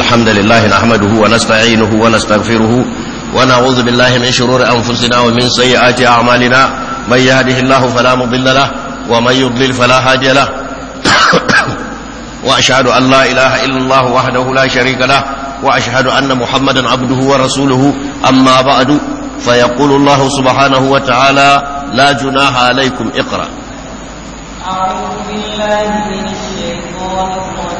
الحمد لله نحمده ونستعينه ونستغفره ونعوذ بالله من شرور أنفسنا ومن سيئات أعمالنا من يهده الله فلا مضل له ومن يضلل فلا هادي له وأشهد أن لا إله إلا الله وحده لا شريك له وأشهد أن محمدا عبده ورسوله أما بعد فيقول الله سبحانه وتعالى لا جناح عليكم اقرأ أعوذ بالله من الشيطان الرجيم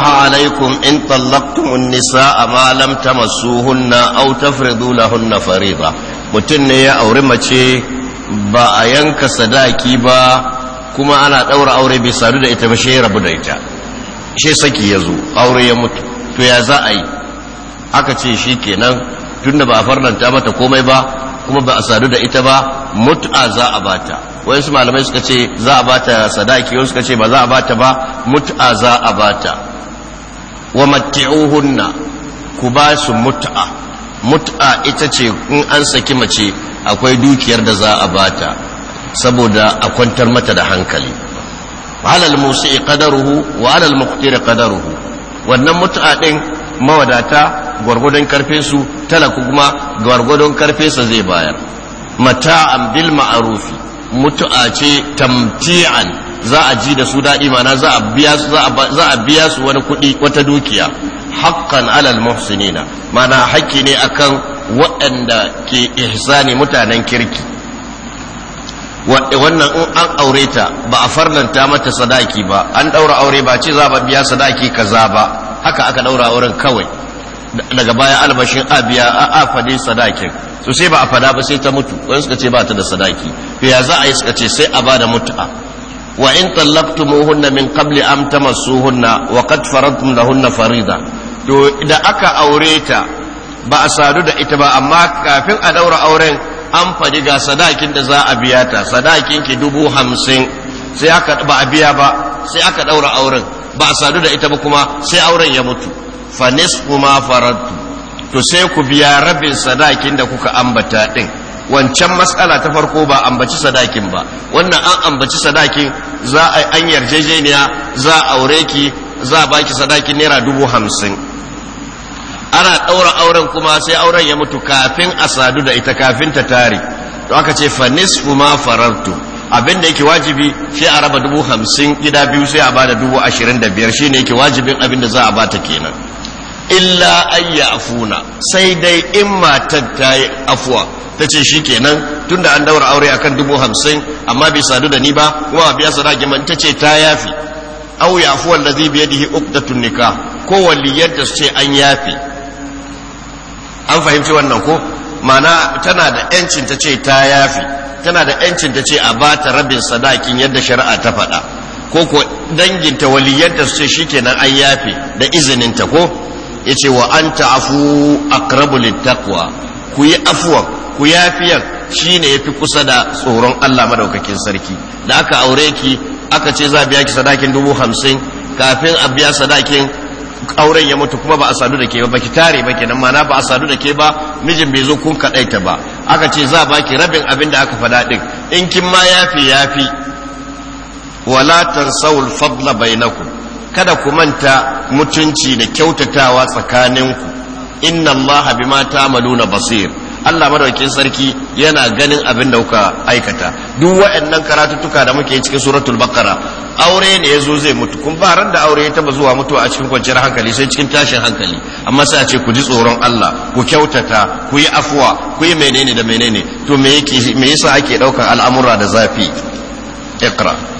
جناح عليكم إن طلقتم النساء ما لم تمسوهن أو تفرضوا لهن فريضة mutum ne ya auri mace ba a yanka sadaki ba kuma ana ɗaura aure bai sadu da ita ba shi rabu da ita shi saki ya zo aure ya mutu to ya za a yi aka ce shi kenan tunda ba a farnanta mata komai ba kuma ba a sadu da ita ba mut'a za a bata wayansu malamai suka ce za a bata sadaki wasu suka ce ba za a bata ba mut'a za a bata wa matti'uhunna ku ba su mut'a mut'a ita ce in an saki mace akwai dukiyar da za a bata saboda a kwantar mata da hankali alal musi'i qadaruhu wa alal muqtir qadaruhu wannan mut'a din mawadata gwargwadon karfe su talaku kuma gwargwadon karfe sa zai bayar mata'an bil ma'rufi mut'a ce tamti'an za a ji da su daɗi mana za a biya su wani kuɗi wata dukiya haƙƙan alal muhsinina mana haƙƙi ne akan waɗanda ke ihsani mutanen kirki wannan in an aure ta ba a farlanta mata sadaki ba an ɗaura aure ba ce za a biya sadaki kaza ba haka aka ɗaura auren kawai daga baya albashin a biya a faɗi sadakin so sai ba a fada ba sai ta mutu wani suka ce ba ta da sadaki to ya za a yi suka ce sai a ba da mutu'a وإن طلقتموهن من قبل أن تمسوهن وقد فرضتم لهن فريضة to da aka aure ta ba a sadu da ita ba amma kafin a daura auren an faɗi ga sadakin da za a biya ta sadakin ki dubu hamsin sai aka ba a biya ba sai aka daura auren ba a sadu da ita ba kuma sai auren ya mutu fa nisfu ma faradtu to sai ku biya rabin sadakin da kuka ambata din wancan matsala ta farko ba ambaci sadakin ba wannan an ambaci sadakin za a an yarjejeniya za a aure ki za a baki sadakin naira dubu hamsin ana ɗaura auren kuma sai auren ya mutu kafin a sadu da ita kafin ta tare to aka ce fa nisfu ma farartu abin da yake wajibi sai a raba dubu hamsin gida biyu sai a bada dubu ashirin da biyar shine yake wajibin abin da za a bata kenan illa ayya afuna sai dai in matar ta yi afuwa ta ce shi kenan tun da an daura aure akan dubu hamsin amma bai sadu da ni ba kuma biya sadaki man ta ce ta yafi au ya afuwa da zai biya dihi ukdatun nika ko waliyar da ce an yafi an fahimci wannan ko mana tana da yancin ta ce ta yafi tana da yancin ta ce a ba ta rabin sadakin yadda shari'a ta faɗa ko ko danginta da su ce shi kenan an yafi da izininta ko ce wa anta ta'afu aqrabu takwa ku yi afuwa ku shi ne ya fi kusa da tsoron Allah madaukakin sarki da aka aure ki aka ce za a biya ki sadakin dubu hamsin kafin a biya sadakin auren ya mutu kuma ba a sadu da ke ba ba ki tare ba kenan mana ba a sadu da ke ba mijin bai zo kun kaɗai ta ba aka ce za ba ki rabin abin da aka faɗa ɗin in kin ma yafi yafi wala tansawul fadla bainakum kada ku manta mutunci da kyautatawa tsakaninku inna Allah ma ta'maluna basir Allah madaukin sarki yana ganin abin da kuka aikata duk waɗannan karatutuka da muke cikin suratul baqara aure ne yazo zai mutu kun ba ran da aure ya taba zuwa mutuwa a cikin kwanciyar hankali sai cikin tashin hankali amma sai a ce ku ji tsoron Allah ku kyautata ku yi afwa ku yi menene da menene to me yake me yasa ake daukar al'amura da zafi iqra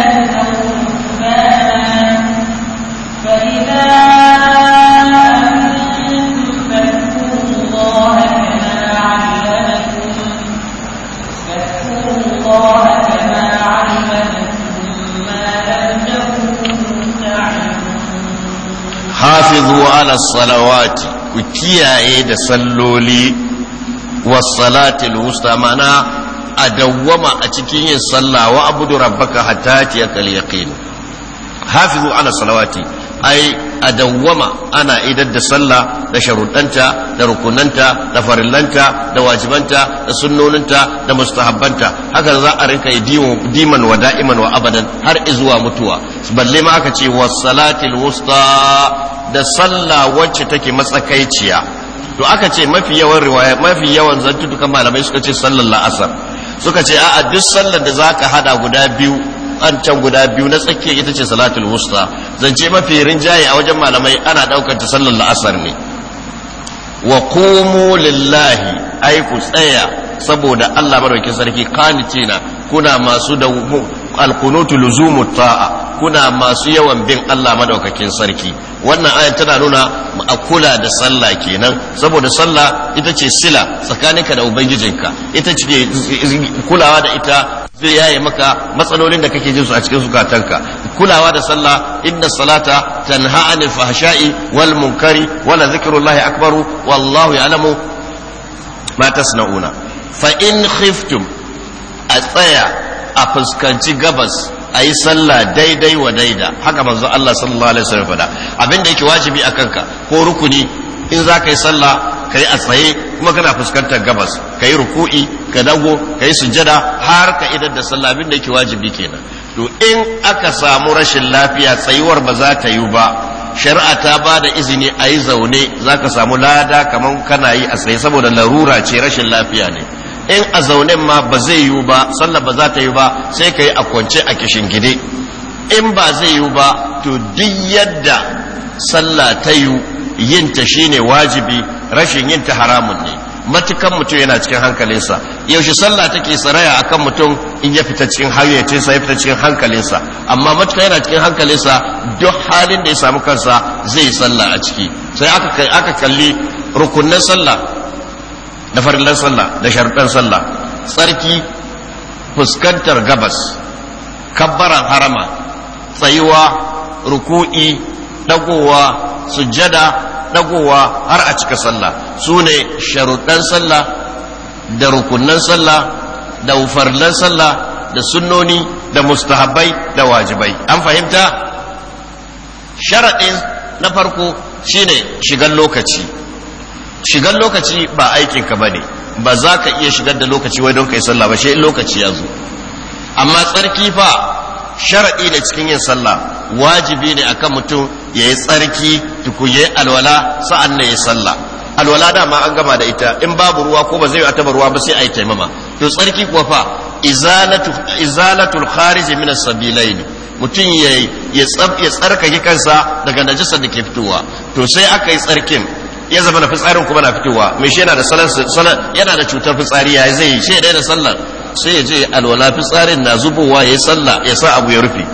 ala salawati ku kiyaye da salloli wasalatil wusta mana a dawwama a cikin yin sallah wa abudu rabbaka hatta tiyakal yaqin hafizu ala salawati ai a dawwama ana idar da sallah da sharuɗanta da rukunanta da farillanta da wajibanta da sunnoninta da mustahabbanta haka za a rinka diman wa da'iman wa abadan har izuwa mutuwa balle ma aka ce salatil wusta da sallah wacce take matsakaiciya to aka ce mafi yawan riwaya mafi yawan zantutukan malamai suka ce sallar la'asar suka ce a'a duk sallar da zaka hada guda biyu an can guda biyu na tsakiyar ita ce salatul wusta zance mafi rinjaye a wajen malamai ana daukar ta sallar la'asar ne wa qumu lillahi aiku tsaya saboda Allah madaukakin sarki qanitina kuna masu da alqunutu luzumu ta'a kuna masu yawan bin Allah madaukakin sarki wannan ayat tana nuna a kula da sallah kenan saboda sallah ita ce sila tsakaninka da ubangijinka ita ce kulawa da ita zai yaye maka matsalolin da kake jin su a cikin zukatanka kulawa da sallah inna salata tanha anil fahsha'i wal munkari wala zikrullahi akbaru wallahu ya'lamu ma tasna'una fa in khiftum a tsaya a fuskanci gabas a yi sallah daidai wa daida haka manzo Allah sallallahu alaihi wasallam faɗa abinda yake wajibi a kanka ko rukuni in za ka yi sallah ka a tsaye kuma kana fuskantar gabas ka yi ruku'i ka dago ka yi sujada har ka idan da sallah abin da yake wajibi kenan to in aka samu rashin lafiya tsayuwar ba za ta yi ba shari'a ta ba da izini a yi zaune za ka samu lada kamar kana yi a tsaye saboda larura ce rashin lafiya ne in a zaune ma ba zai yiwu ba sallah ba za ta yi ba sai ka yi a kwance a kishin gide. in ba zai yiwu ba to duk yadda sallah ta yiwu yin ta shine wajibi rashin yin ta haramun ne matukan mutum yana cikin hankalinsa yaushe sallah take saraya akan mutum in ya fita cikin hayyacinsa ya fita cikin hankalinsa amma matukan yana cikin hankalinsa duk halin da ya samu kansa zai yi sallah a ciki sai aka kalli rukunnan sallah da farillan sallah da sharuɗan sallah tsarki fuskantar gabas kabbaran harama tsayuwa ruku'i dagowa sujjada dagowa har a cika sallah su ne sharuɗan sallah da rukunan sallah da farlan sallah da sunnoni da mustahabbai da wajibai an fahimta sharaɗin na farko shine shigan lokaci shigan lokaci ba aikinka ba ne ba za ka iya shigar da lokaci wai don ka yi sallah ba shi lokaci ya zo amma tsarki fa sharaɗi ne cikin yin sallah wajibi ne akan mutum ya yi tsarki yi alwala sa'an na ya sallah alwala dama an gama da ita in babu ruwa ko ba zai ataba ruwa ba sai a yi taimama to tsarki kuwa fa izalatul kharij min sabilai ne mutum ya tsarkake kansa daga najisar da ke fitowa to sai aka yi tsarkin ya zama na fitsarin kuma na fitowa mai shi yana da cutar fitsari ya zai yi shi ya daina sallar sai ya je alwala fitsarin na zubowa ya sallah ya sa abu ya rufe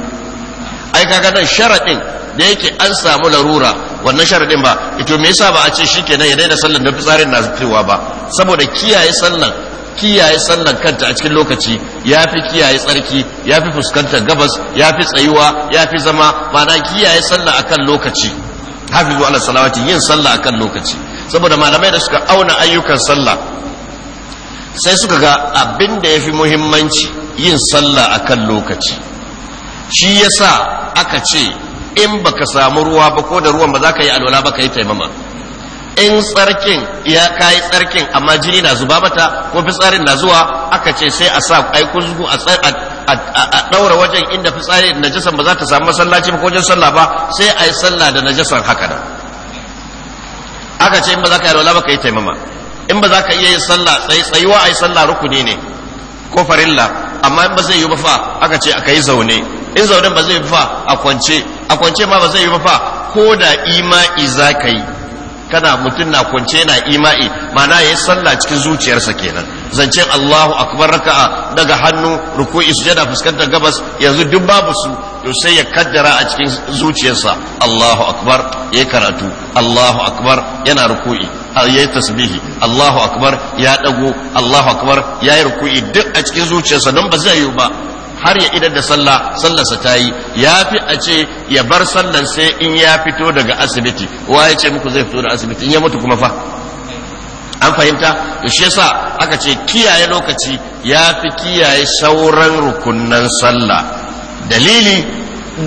ai kaga nan sharaɗin da yake an samu larura wannan sharaɗin ba ito me yasa ba a ce shi shikenan ya daina sallan da fitsarin na zubowa ba saboda kiyaye sallan kiyaye sallan kanta a cikin lokaci ya fi kiyaye tsarki ya fi fuskantar gabas ya fi tsayuwa ya fi zama mana kiyaye sallah akan lokaci hafizu ala salawati yin sallah akan lokaci saboda malamai da suka auna ayyukan sallah sai suka ga abin da ya fi muhimmanci yin sallah a kan lokaci shi ya sa aka ce in baka samu ruwa ba ko da ruwan ba za ka yi alwala ba ka yi taimama in tsarkin ya kayi tsarkin amma jini na zuba mata ko fitsarin na zuwa aka ce sai a sa aikun zugu a ɗaura wajen inda fitsari na najasan ba za ta samu masallaci ba ko wajen sallah ba sai a yi sallah da najasan haka nan aka ce in ba za ka yi alwala ba ka yi taimama in ba za ka iya yin sallah tsayi tsayuwa yi sallah rukuni ne ko farilla amma in ba zai yi aka ce aka yi zaune in zaune ba zai yi fa a kwance a kwance ma ba zai yi ko da ima'i za ka yi kana mutum na kwance na ima'i mana ya yi sallah cikin zuciyarsa kenan zance Allahu akbar raka'a daga hannu ruku'i jada fuskantar gabas yanzu duk babu su to sai ya kaddara a cikin zuciyarsa Allahu akbar ya karatu Allahu akbar yana ruku'i yayi tasbihi Allahu akbar ya dago Allahu akbar yi ruku'i duk a cikin zuciyarsa don ba zai yi ba har ya idar da sallah sallarsa ta yi ya fi a ce ya bar sallar sai in ya fito daga asibiti wa ya ce muku zai fito daga asibiti in ya mutu kuma fa an fahimta to shi yasa aka ce kiyaye lokaci ya fi kiyaye sauran rukunnan sallah dalili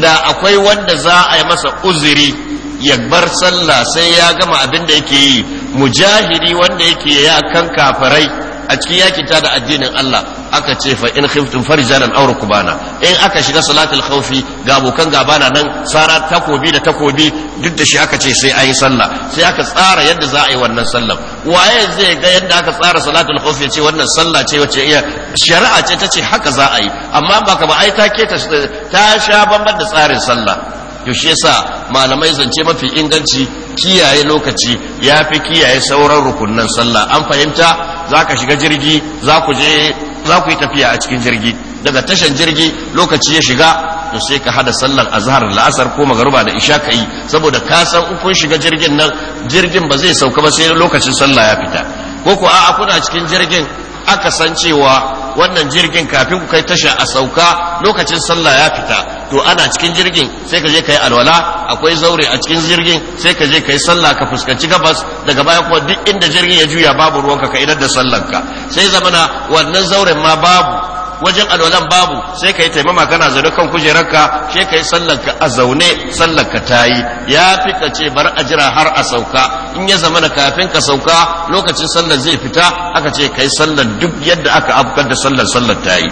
da akwai wanda za a yi masa uzuri ya bar sallah sai ya gama abin da yake yi mujahidi wanda yake yakan kafirai a cikin yakin ta da addinin Allah aka ce fa in khiftum farjalan aw rukbana in aka shiga salatul khawfi ga abokan gabana nan sara takobi da takobi duk da shi aka ce sai ayi sallah sai aka tsara yadda za a yi wannan sallah waye zai ga yadda aka tsara salatul khawfi ce wannan sallah ce wacce iya shari'a ce ta ce haka za a yi amma baka ba ai ta ta sha bambar da tsarin sallah yaushe shi yasa malamai zance mafi inganci kiyaye lokaci ya fi kiyaye sauran rukunnan sallah an fahimta za ka shiga jirgi za ku je za ku yi tafiya a cikin jirgi daga tashan jirgi lokaci ya shiga to sai ka hada sallar azhar la'asar ko magaruba da isha kai saboda ka san ukun shiga jirgin nan jirgin ba zai sauka ba sai lokacin sallah ya fita ko ko a'a kuna cikin jirgin aka san cewa wannan jirgin kafin ku kai tasha a sauka lokacin sallah ya fita to ana cikin jirgin sai ka je kai alwala akwai zaure a cikin jirgin sai ka je kai sallah ka fuskanci gabas daga baya kuma duk inda jirgin ya juya babu ruwanka ka idar da sallanka sai zamana wannan zauren ma babu wajen alwalan babu sai ka yi taimama kana zaune kan kujerarka sai ka yi sallanka a zaune sallanka ta yi ya fi ka ce bar a jira har a sauka in ya zama kafin ka sauka lokacin sallar zai fita aka ce ka yi sallar duk yadda aka afkar da sallar sallar ta yi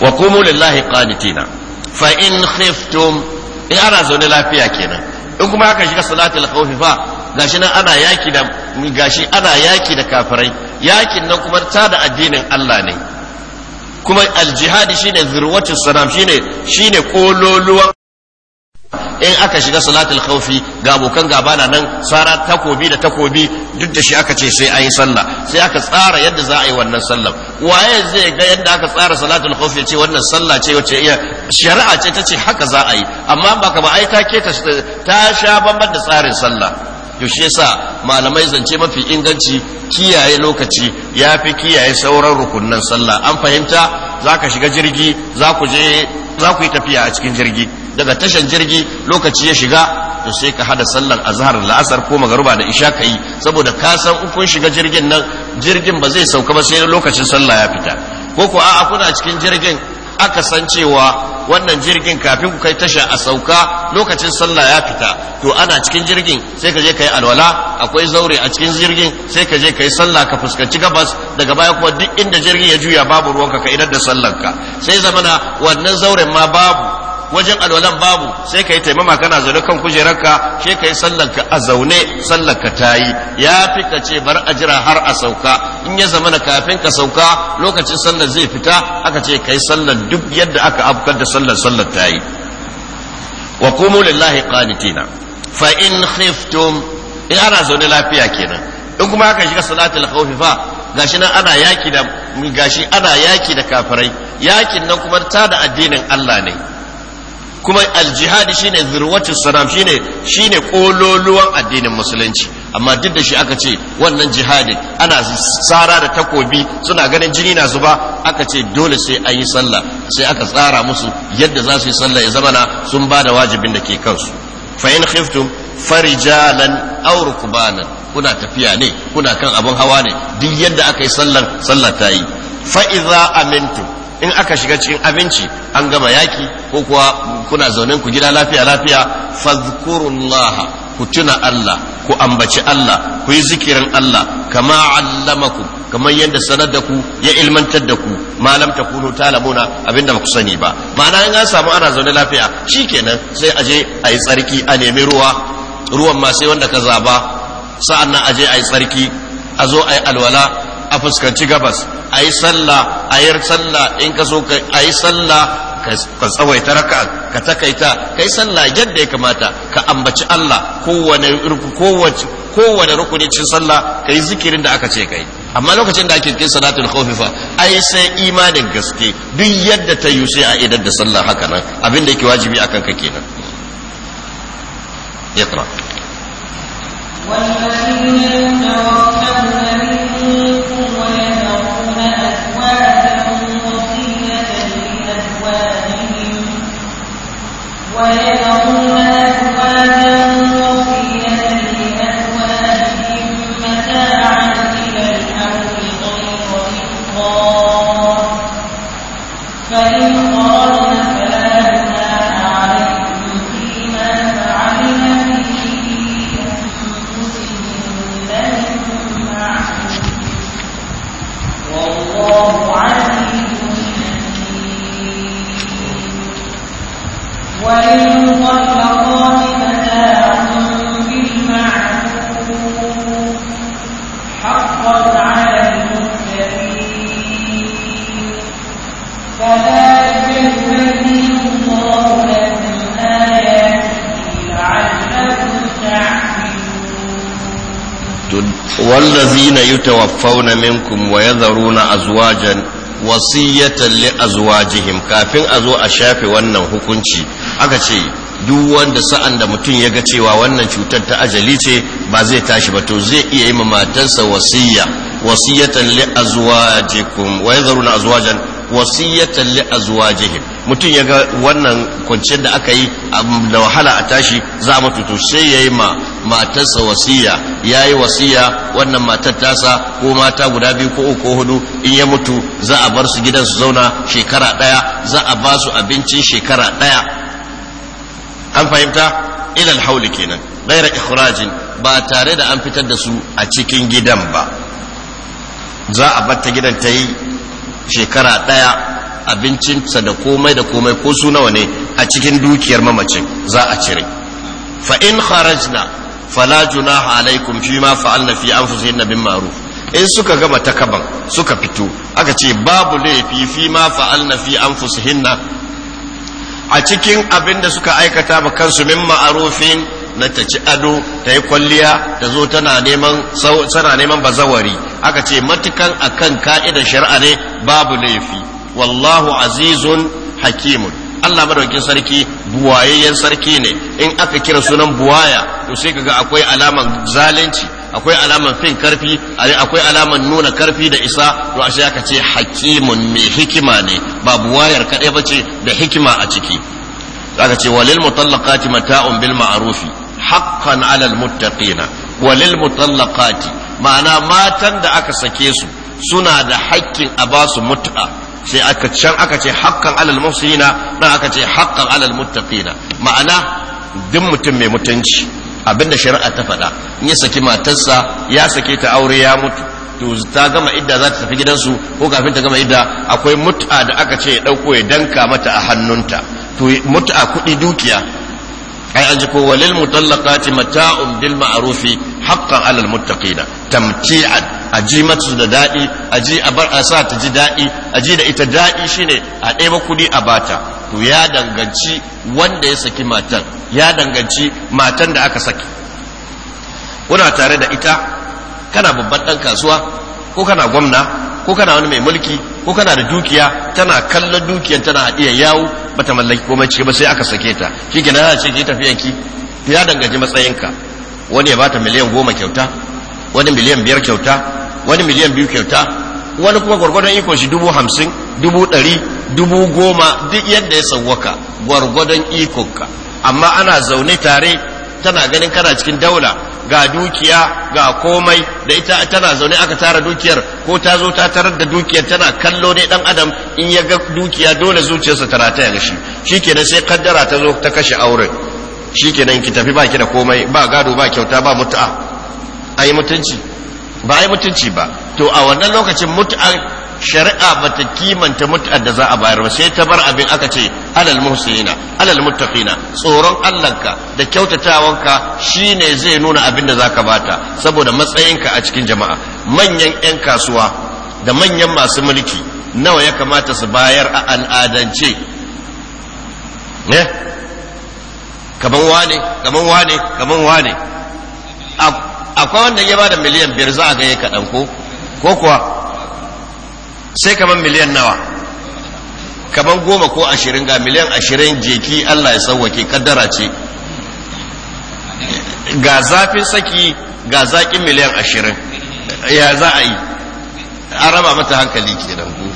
wa qumu lillahi qanitina fa in khiftum in ana zaune lafiya kenan in kuma aka shiga salatul khawfi fa gashi nan ana yaki da gashi ana yaki da kafirai yakin nan kuma ta da addinin Allah ne kuma aljihadi shine zirwatu salam shine shine kololuwan in aka shiga salatul khawfi ga abokan gaba na nan sara takobi da takobi duk da shi aka ce sai ayi sallah sai aka tsara yadda za a yi wannan sallah waye zai ga yadda aka tsara salatul khawfi ya ce wannan sallah ce wacce iya shari'a ce ta ce haka za a yi amma baka ba ta ke ta sha bamban da tsarin sallah yaushe yasa malamai zance mafi inganci kiyaye lokaci ya fi kiyaye sauran rukunnan sallah an fahimta za ka shiga jirgi za ku je za ku yi tafiya a cikin jirgi daga tashan jirgi lokaci ya shiga to sai ka hada sallar azhar la'asar ko magruba da isha ka saboda ka san kun shiga jirgin nan jirgin ba zai sauka ba sai lokacin sallah ya fita ko ko a'a kuna cikin jirgin aka san cewa wannan jirgin kafin ku kai tasha a sauka lokacin sallah ya fita to ana cikin jirgin sai ka je ka yi alwala akwai zaure a cikin jirgin sai ka je ka yi sallah ka fuskanci gabas daga baya kuma duk inda jirgin ya juya babu ruwanka ka idar da sallanka sai zamana wannan zauren ma babu wajen alwalan babu sai ka yi taimama kana zaune kan kujerarka sai ka yi sallanka a zaune sallanka ta yi ya fi ka ce bar a jira har a sauka in ya zama zamana kafin ka sauka lokacin sallar zai fita aka ce ka yi sallar duk yadda aka afkar da sallar sallar ta yi wa qumu lillahi qanitina fa in khiftum in ana zaune lafiya kenan in kuma aka shiga salatul khawfi fa gashi nan ana yaki da gashi ana yaki da kafirai yakin nan kuma ta da addinin Allah ne kuma aljihadi shine zirwatu salam shine shine kololuwan addinin musulunci amma duk da shi aka ce wannan jihadin ana tsara da takobi suna ganin jini na zuba aka ce dole sai an yi sallah sai aka tsara musu yadda za su yi sallah ya zamana sun ba da wajibin da ke kansu fa in khiftum farijalan aw rukbanan kuna tafiya ne kuna kan abun hawa ne duk yadda aka yi sallar sallah ta yi fa idza amintum in aka shiga cikin abinci an gama yaki ko kuwa kuna zaune ku gida lafiya lafiya fadhkurullah ku tuna Allah ku ambaci Allah ku yi zikirin Allah kama allamakum kamar yadda sanar da ku ya ilmantar da ku malam ta kunu talamuna abinda ba ku sani ba ma'ana in an samu ana zaune lafiya shikenan sai aje a yi tsarki a nemi ruwa ruwan ma sai wanda ka zaba sa'an nan aje a yi tsarki a zo a yi alwala a fuskanci gabas a yi sallah a yi sallah in ka so a yi sallah ka tsawaita raka ka takaita ka yi sallah yadda ya kamata ka ambaci Allah kowane rukuni cin sallah ka yi zikirin da aka ce ka yi amma lokacin da ake cikin salatul khawfifa ai sai imanin gaske duk yadda ta yi sai a idan da sallah haka nan abin da yake wajibi akan ka kenan يقرأ والذين يتوفون منكم منكم ويذرون أزواجهم وصية لأزواجهم ويذرون أزواجهم وصية لأزواجهم متاعا إلى الحول غير إخراج فإن يتوفون منكم ويذرون yadharuna azwajan wasiyatan كافين azwajihim kafin a zo a shafe wannan hukunci aka ce duk wanda sa'an da mutum ya ga cewa wannan cutar ta ajali ce ba zai tashi ba to zai iya yi ma matarsa wasiyya wasiyatan li azwajikum wa yadharuna azwajan wasiyatan li azwajihim mutum ya ga wannan kunce da aka yi da wahala a tashi za mu mutu to sai ya yi ma matarsa wasiya ya yi wasiya wannan matar tasa ko mata guda biyu ko uku hudu in ya mutu za a bar su gidan su zauna shekara ɗaya za a ba su abincin shekara ɗaya an fahimta ilal hauli kenan gaira ikhrajin ba tare da an fitar da su a cikin gidan ba za a bar ta gidan ta yi shekara ɗaya abincinsa da komai da komai ko su nawa ne a cikin dukiyar mamacin za a cire fa in kharajna fala junaha alaikum fi ma fa'alna fi anfusihinna in suka gama kaban suka fito aka ce babu laifi fi ma fa'alna fi anfusihinna a cikin abin da suka aikata ba kansu min ma'arufin na ta ci ado ta yi kwalliya ta zo tana neman bazawari aka ce matukan akan ka'idar shari'a ne babu laifi wallahu azizun hakimun Allah madaukin sarki buwayayyen sarki ne in aka kira sunan buwaya to sai kaga akwai alaman zalunci akwai alaman fin karfi akwai alaman nuna karfi da isa to ashe aka ce hakimun mai hikima ne ba buwayar kaɗai ba ce da hikima a ciki aka ce walil mutallaqati mata'un bil ma'rufi haqqan 'alal muttaqina walil mutallaqati ma'ana matan da aka sake su suna da haƙƙin a ba su mut'a sai aka can aka ce hakkan alal musulina dan aka ce hakkan alal muttaqina ma'ana duk mutum mai mutunci abinda shari'a ta faɗa in ya saki matarsa ya sake ta aure ya mutu to ta gama idda za ta tafi gidansu ko kafin ta gama idda akwai mut'a da aka ce ya dauko ya danka mata a hannunta to mut'a kuɗi dukiya ai an ji ko walil mutallaqati mata'un bil ma'rufi haqqan alal muttaqina tamti'an a ji mata da daɗi a ji a bar a sa ta ji daɗi a ji da ita daɗi shine a ɗaya kuɗi a bata to ya danganci wanda ya saki matan ya danganci matan da aka saki kuna tare da ita kana babban ɗan kasuwa ko kana gwamna ko kana wani mai mulki ko kana da dukiya tana kallon dukiyar tana haɗiya yawo bata mallaki komai ciki ba sai aka sake ta shi ke na ce ki tafiyanki ya danganci matsayinka wani ya bata miliyan goma kyauta wani miliyan biyar kyauta wani miliyan biyu kyauta wani kuma gwargwadon iko shi dubu hamsin dubu ɗari dubu goma duk yadda ya sauwaka gwargwadon ikonka amma ana zaune tare tana ganin kana cikin daula ga dukiya ga komai da ita tana zaune aka tara dukiyar ko ta zo ta tarar da dukiyar tana kallo ne dan adam in ya ga dukiya dole zuciyarsa ta rataya ga shi shikenan sai kaddara ta zo ta kashe auren shikenan ki tafi baki da komai ba gado ba kyauta ba mutu'a a yi mutunci ba a yi mutunci ba to a wannan lokacin mut'a shari'a bata kimanta mut'a da za a bayar ba sai ta bar abin aka ce alal muhsinina alal muttaqina tsoron Allahnka da kyautatawanka shine zai nuna abin da zaka bata saboda matsayinka a cikin jama'a manyan 'yan kasuwa da manyan masu mulki nawa ya kamata su bayar a al'adance ne eh? kaman wane kaman wane kaman wane akwai wanda ya bada miliyan biyar za a ga yi kaɗan ko ko kuwa sai kaman miliyan nawa kaman goma ko ashirin ga miliyan ashirin jeki allah ya sauwake kaddara ce ga zafin saki ga zaƙin miliyan ashirin ya za a yi an raba mata hankali kenan ku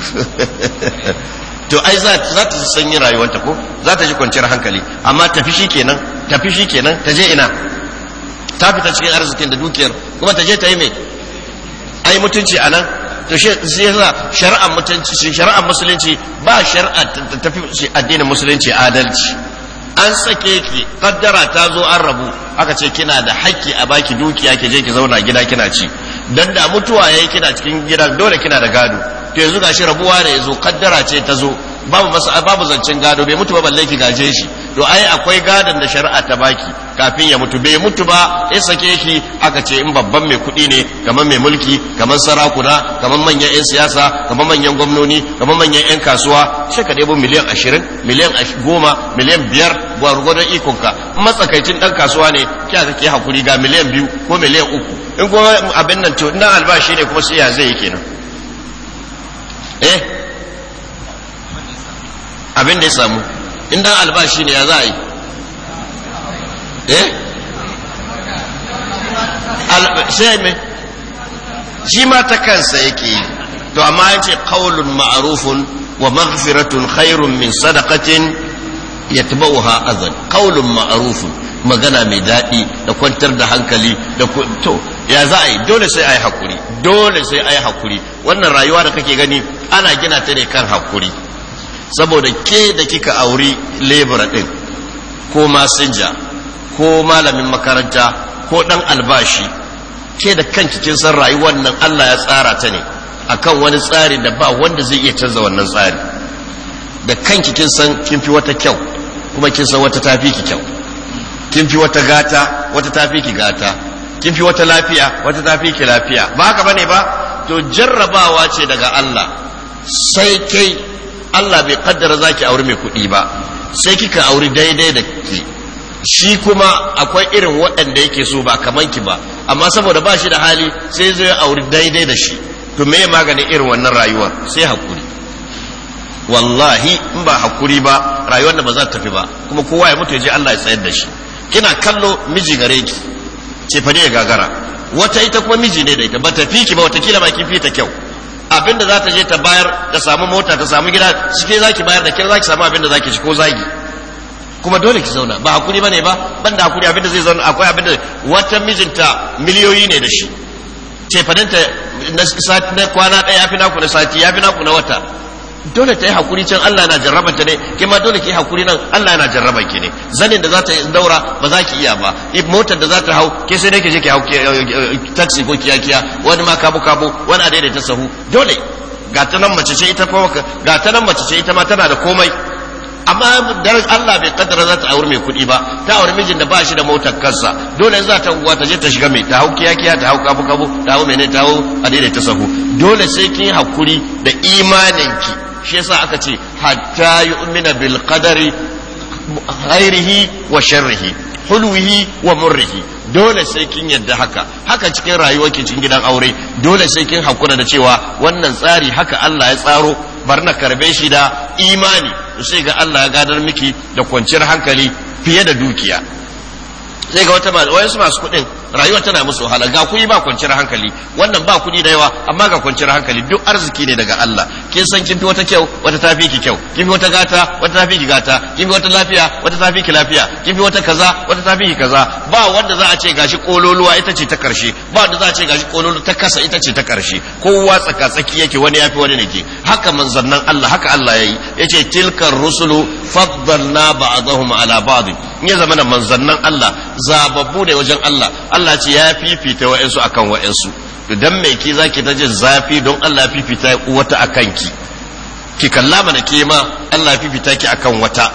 to ai za ta sanyi rayuwarta ko za ta ji kwanciyar hankali amma tafi shi kenan tafi shi kenan ta je ina ta fita cikin arzikin da dukiyar kuma ta je ta yi mai ai mutunci a nan to shi yasa shari'ar mutunci shari'ar musulunci ba shari'ar ta tafi addinin musulunci adalci an sake ki kaddara ta zo an rabu aka ce kina da haƙƙi a baki dukiya ke je ki zauna gida kina ci dan da mutuwa yayi kina cikin gida dole kina da gado to yanzu gashi rabuwa da yazo kaddara ce ta zo babu babu zancen gado bai mutu ba balle ki gaje shi to ai akwai gadon da shari'a ta baki kafin ya mutu bai mutu ba ya sake shi aka ce in babban mai kuɗi ne kamar mai mulki kamar sarakuna kamar manyan 'yan siyasa kamar manyan gwamnoni kamar manyan 'yan kasuwa sai ka ɗebo miliyan ashirin miliyan goma miliyan biyar gwargwadon ikonka matsakaicin ɗan kasuwa ne kya kake hakuri ga miliyan biyu ko miliyan uku in kuma abin nan to dan albashi ne kuma sai ya zai yake nan eh abin da ya samu in dan albashi ne ya za a yi eh sai me shi ma ta kansa yake yi to amma yace qaulun ma'rufun wa maghfiratun khairun min sadaqatin yatba'uha azan qaulun ma'rufun magana mai daɗi da kwantar da hankali da to ya za a yi dole sai a yi hakuri dole sai a yi hakuri wannan rayuwa da kake gani ana gina ta ne kan hakuri saboda ke da kika auri lebura ɗin ko masinja ko malamin makaranta ko ɗan albashi ke da kanki kin san rayuwar nan Allah ya tsara ta ne akan wani tsari da ba wanda zai iya canza wannan tsari da kanki kin san kin fi wata kyau kuma kin san wata tafi ki kyau kin fi wata gata wata tafi ki gata kin fi wata lafiya wata tafi ki lafiya ba haka bane ba to jarrabawa ce daga Allah sai kai Allah bai kaddara za ki aure mai kuɗi ba sai kika aure daidai da ke shi kuma akwai irin waɗanda yake so ba kaman ki ba amma saboda ba shi da hali sai zai aure daidai da shi to me maganin irin wannan rayuwar sai hakuri wallahi in ba hakuri ba rayuwar da ba za ta tafi ba kuma kowa ya mutu ya je Allah ya tsayar da shi kina kallo miji gare ki ce fa ya gagara wata ita kuma miji ne da ita ba ta fi ki ba wata kila ba ki fi ta kyau abin da za ta je ta bayar ta samu mota ta samu gida suke za ki bayar da kira za ki samu abin da ki ci ko zagi kuma dole ki zauna ba hakuri bane ba banda hakuri abin da zai zauna akwai abin da wata mijinta miliyoyi ne da shi tefaninta na kwana ɗaya ya fi naku na sati ya fi naku na wata dole ta yi hakuri can Allah na jarrabanta ne ke ma dole ki hakuri nan Allah na jarraban ki ne zanin da za ta daura ba za ki iya ba motar da za ta hau ke sai dai ki je ki hau eh, eh, eh, taxi ko kiya kiya wani ma kabu kabu wani da ta sahu dole ga nan mace ce ita ga nan mace ce ita ma tana da komai amma da Allah bai kaddara za ta aure mai kuɗi ba ta aure mijin da ba shi da motar kansa dole za ta uwa ta je ta shiga mai ta hau kiyakiya ta hau kabu kabu ta hau mene ta hau a da ta sahu dole sai kin hakuri da imaninki shi yasa aka ce hatta yu'mina bil qadari khairihi wa sharrihi hulwihi wa murrihi dole sai kin yadda haka haka cikin rayuwarki cikin gidan aure dole sai kin hakura da cewa wannan tsari haka Allah ya tsaro bar na karbe shi da imani sai ga Allah ya gadar miki da kwanciyar hankali fiye da dukiya zai ga wata masu kuɗin rayuwa tana musu wahala ga kuɗi ba kwanciyar hankali wannan ba kuɗi da yawa amma ga kwanciyar hankali duk arziki ne daga Allah kin san kin fi wata kyau wata tafi ki kyau kin fi wata gata wata tafi ki gata kin fi wata lafiya wata tafi ki lafiya kin fi wata kaza wata tafi ki kaza ba wanda za a ce gashi kololuwa ita ce ta karshe ba wanda za a ce gashi kololu ta kasa ita ce ta karshe kowa tsaka tsaki yake wani yafi wani nake haka manzannan Allah haka Allah yayi yace tilkar rusulu faddalna ba'dahum ala ba'd in ya zama manzannan Allah zababbu ne wajen Allah Allah ce ya fifita wa'insu akan wa'ansu to dan me ki zaki ta jin zafi don Allah fifita wata akan ki ki kalla mana ke ma Allah fifita ki akan wata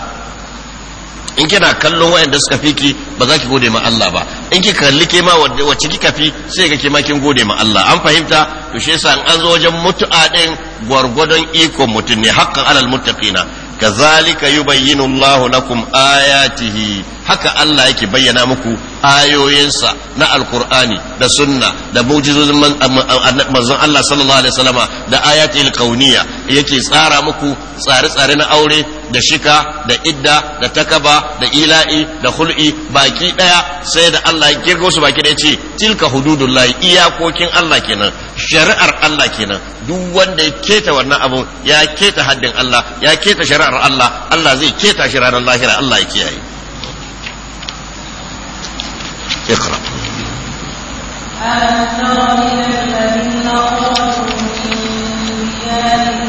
in kina kallon wa'anda suka fi ki ba za ki gode ma Allah ba in ki kalli ke ma wacce kika fi sai ga ke ma kin gode ma Allah an fahimta to shi yasa in an zo wajen mutu'a din gwargwadon iko mutum ne hakan alal muttaqina kazalika yubayyinu Allahu lakum ayatihi haka Allah yake bayyana muku ayoyinsa na alkur'ani da sunna da mujizozin manzon Allah sallallahu alaihi wasallama da ayatil kauniya yake tsara muku tsare-tsare na aure da shika da idda da takaba da ila'i da hul'i baki daya sai da Allah ya kirgo su baki daya ce tilka hududullahi iyakokin Allah kenan shari'ar Allah kenan duk wanda ya keta wannan abun ya keta haddin Allah ya keta shari'ar Allah Allah zai keta shi ranar lahira Allah ya kiyaye اقرأ ألم تر إلى الذين خرجوا من ديارهم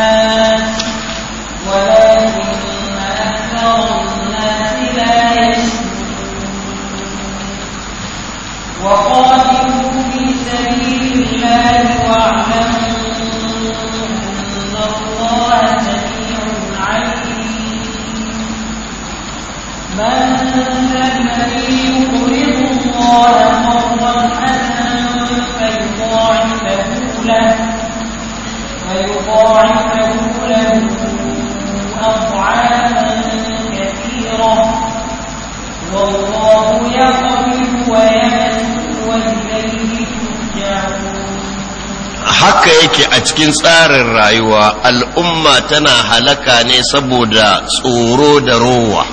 وقاتلوا في سبيل الله واعلموا أن الله سميع عليم من الذي الله فيضاعفه له فيضاعفه له أضعافا كثيرة والله يقبل ويبسط haka yake a cikin tsarin rayuwa al'umma tana halaka ne saboda tsoro da rowa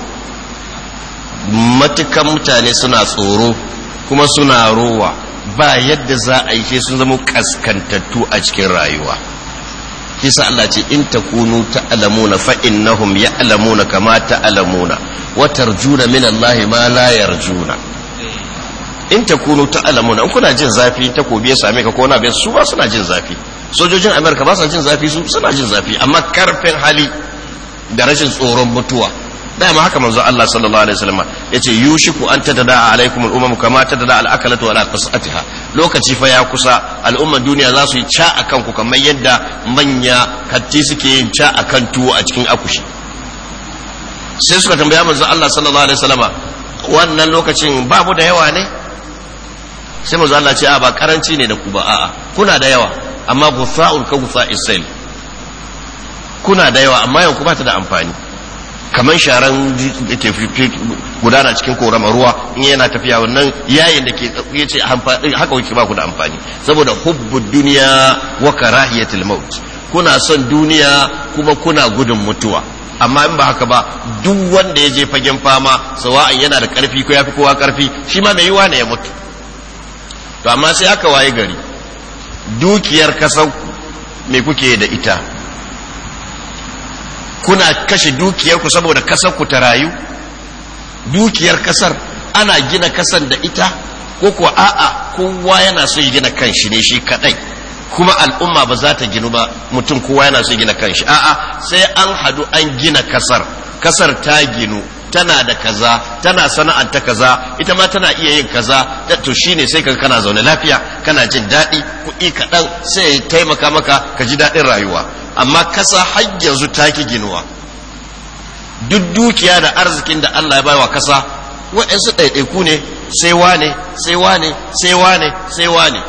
matukan mutane suna tsoro kuma suna rowa ba yadda za a yi sun zama kaskantattu a cikin rayuwa kisa Allah ce in fa’in na hum ya alamuna kama ta'lamuna watar watar min Allah ma layar juna in takunu alamuna in kuna jin zafi takobi ya same ka kona bai bin su ba suna jin zafi sojojin america ba su jin zafi su suna jin zafi amma karfin hali da rashin tsoron mutuwa dama haka manzo Allah sallallahu alaihi wasallam yace yushiku an tadada alaikum al-umam kama tadada al-akalatu wa al-qasatiha lokaci fa ya kusa al'umman duniya za su yi ca akan ku kamar yadda manya katti suke yin ca akan tuwo a cikin akushi sai suka tambaya manzo Allah sallallahu alaihi wasallam wannan lokacin babu da yawa ne sai manzo Allah ce a ba karanci ne da ku ba a'a kuna da yawa amma gufa'ul ka gusa isail kuna da yawa amma yau kuma ta da amfani kamar sharan gudana cikin korama ruwa in yana tafiya wannan yayin da ke ya ce haka wuce ba ku da amfani saboda hubbud duniya wa karahiyatul maut kuna son duniya kuma kuna gudun mutuwa amma in ba haka ba duk wanda ya je fagen fama sawa'an yana da karfi ko ya kowa karfi shi ma mai yiwa ne ya mutu to amma sai aka waye gari dukiyar kasanku me kuke da ita kuna kashe dukiyarku saboda kasar ku ta rayu dukiyar kasar ana gina kasar da ita ko kuwa a'a kowa yana so ya gina kanshi ne shi kadai kuma al'umma ba za ta ginu ba mutum kowa yana so ya gina kanshi a'a sai an hadu an gina kasar kasar ta ginu tana da kaza tana sana'anta kaza ita ma tana iya yin kaza to shine sai ka kana zaune lafiya kana jin daɗi kuɗi kaɗan sai ya taimaka maka ka ji daɗin rayuwa amma kasa har yanzu taki ginuwa duk dukiya da arzikin da Allah ya baiwa kasa waɗansu ɗaiɗaiku ne sai wane sai wane sai wane sai wane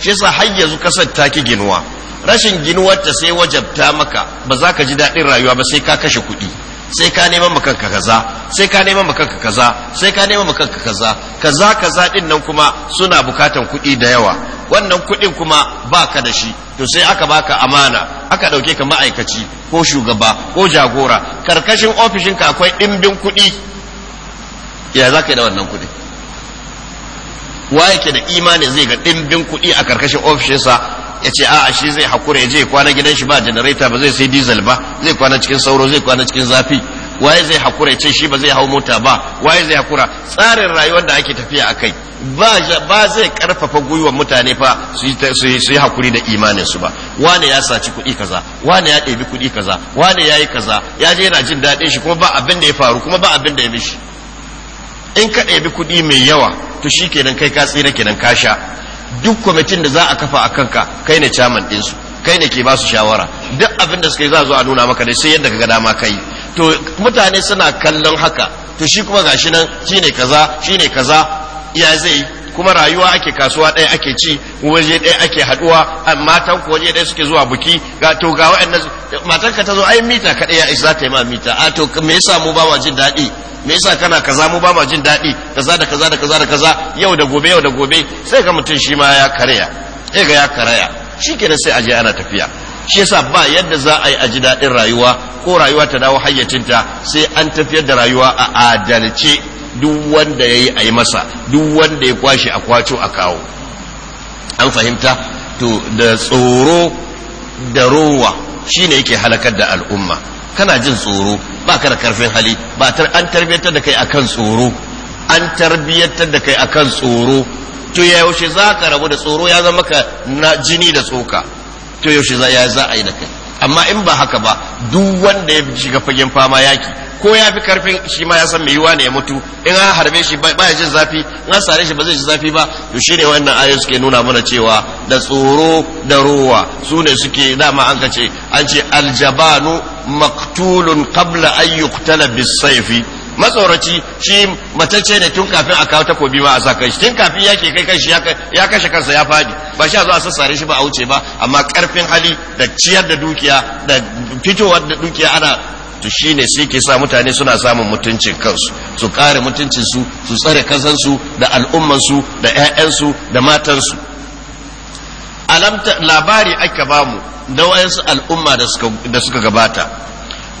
shi yasa har yanzu kasar ki ginuwa rashin ginuwar ta sai wajabta maka ba za ka ji daɗin rayuwa ba sai ka kashe kuɗi sai ka neman kanka kaza sai ka neman kanka kaza sai ka neman kanka kaza kaza kaza din nan kuma suna bukatan kuɗi da yawa wannan kuɗin kuma baka da shi to sai aka baka amana aka ɗauke ka ma'aikaci ko shugaba ko jagora karkashin ka akwai ɗimbin kuɗi ya za ka yi da wannan kuɗi wa yake da imani zai ga ɗimbin kuɗi a karkashin ofishinsa ya ce a shi zai hakura ya je kwana gidan shi ba janareta ba zai sai diesel ba zai kwana cikin sauro zai kwana cikin zafi waye zai hakura ya ce shi ba zai hau mota ba waye zai hakura tsarin rayuwar da ake tafiya a kai ba zai karfafa gwiwar mutane fa su yi hakuri da imanin su ba wane ya saci kuɗi kaza wane ya ɗebi kuɗi kaza wane ya yi kaza ya je yana jin daɗin shi kuma ba abin da ya faru kuma ba abin da ya mishi in ka ɗebi kuɗi mai yawa to shi kenan kai ka tsira kenan ka sha duk kwamitin da za a kafa a kanka kai ne chairman ɗinsu kai ne ke ba su shawara duk abin da suka yi za a zo a nuna maka da sai yadda ga dama kai to mutane suna kallon haka to shi kuma gashi nan shi ne kaza ne kaza ya zai kuma rayuwa ake kasuwa ɗaya ake ci waje ɗaya ake haɗuwa amma ku waje ɗaya suke zuwa buki ga to ga waɗannan ka ta zo ai mita kaɗai ya isa ta yi ma mita a to me yasa mu ba jin daɗi me yasa kana kaza mu ba ma jin daɗi kaza da kaza da kaza da kaza yau da gobe yau da gobe sai ga mutum shi ma ya karaya sai ga ya karaya shi kenan sai aje ana tafiya shi yasa ba yadda za a yi a ji daɗin rayuwa ko rayuwa ta dawo hayyacinta sai an tafiyar da rayuwa a adalce duk wanda ya yi a yi masa duk wanda ya kwashe a kwaco a kawo an fahimta to da tsoro da rowa ne yake halakar da al'umma kana jin tsoro ba ka da karfin hali ba an tarbiyyantar da kai akan tsoro an tarbiyyantar da kai akan tsoro to ya yaushe za ka rabu da tsoro ya zama ka na jini da tsoka to yaushe za a yi da kai amma in ba haka ba duk wanda ya shiga fagen fama yaki ko ya fi karfin shi ma ya san mai yiwa ne ya mutu in an harbe shi ba ya jin zafi in an sare shi ba zai ji zafi ba to shi ne wannan ayoyi suke nuna mana cewa da tsoro da rowa su ne suke ma an ce an ce aljabanu maktulun qabla an yuqtala bis matsoraci shi matacce ne tun kafin a kawo takobi ma a sa kai tun kafin yake kai kai shi ya kashe kansa ya fadi ba shi a zo a sassare shi ba a wuce ba amma karfin hali da ciyar da dukiya da fitowar da dukiya ana to ne sai ke sa mutane suna samun mutuncin kansu su kare mutuncin su su tsare kansansu da al'umman su da ƴaƴansu da matansu alamta labari aka bamu da wayansu al'umma da suka gabata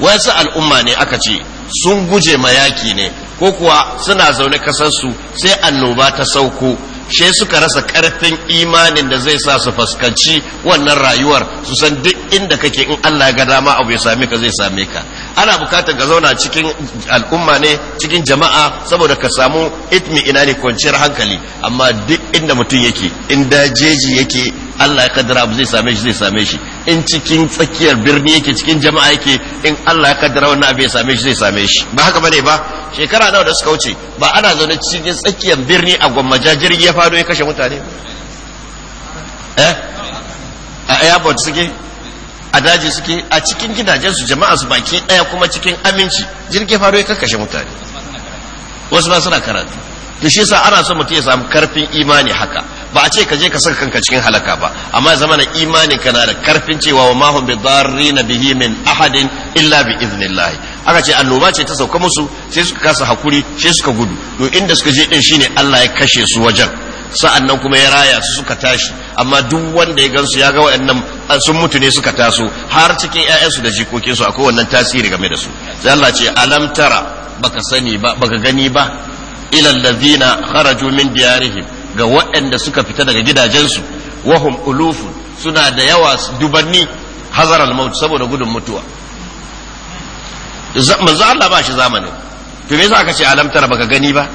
wasu al'umma ne aka ce sun guje mayaki ne ko kuwa suna zaune kasarsu sai annoba ta sauko she suka rasa karfin imanin da zai sa su fuskanci wannan rayuwar su san duk inda kake in Allah ga dama abu ya same ka zai same ka ana bukatar ka zauna cikin al'umma ne cikin jama'a saboda ka samu itmi ina ne kwanciyar hankali amma duk inda mutum yake in da jeji yake Allah ya kaddara abu zai same shi zai same shi in cikin tsakiyar birni yake cikin jama'a yake in Allah ya kaddara wannan abin ya same shi zai same shi ba haka bane ba shekara nawa da suka wuce ba ana zaune cikin tsakiyar birni a gwamma jirgi ya fado ya kashe mutane eh a airport suke a daji suke a cikin gidajen su jama'a su baki daya kuma cikin aminci jirgi ya fado ya kashe mutane wasu ma suna karatu to shi yasa ana so mutum ya samu karfin imani haka ba a ce ka je ka saka kanka cikin halaka ba amma zamanin imanin ka na da karfin cewa wa mahum bi na bihi min ahadin illa bi idhnillah aka ce annoba ce ta sauka musu sai suka kasa hakuri sai suka gudu to inda suka je din shine Allah ya kashe su wajen sa'annan kuma ya raya su suka tashi amma duk wanda ya gansu ya ga waɗannan sun mutu ne suka taso har cikin ƴaƴansu da jikokinsu akwai wannan tasiri game da su sai Allah ce alam tara baka sani ba baka gani ba ilal ladina kharaju min diyarihim ga waɗanda suka fita daga gidajensu wahum ulufu suna da yawa dubanni hazar almaut saboda gudun mutuwa manzo Allah ba shi zamani to me yasa aka ce alam tara baka gani ba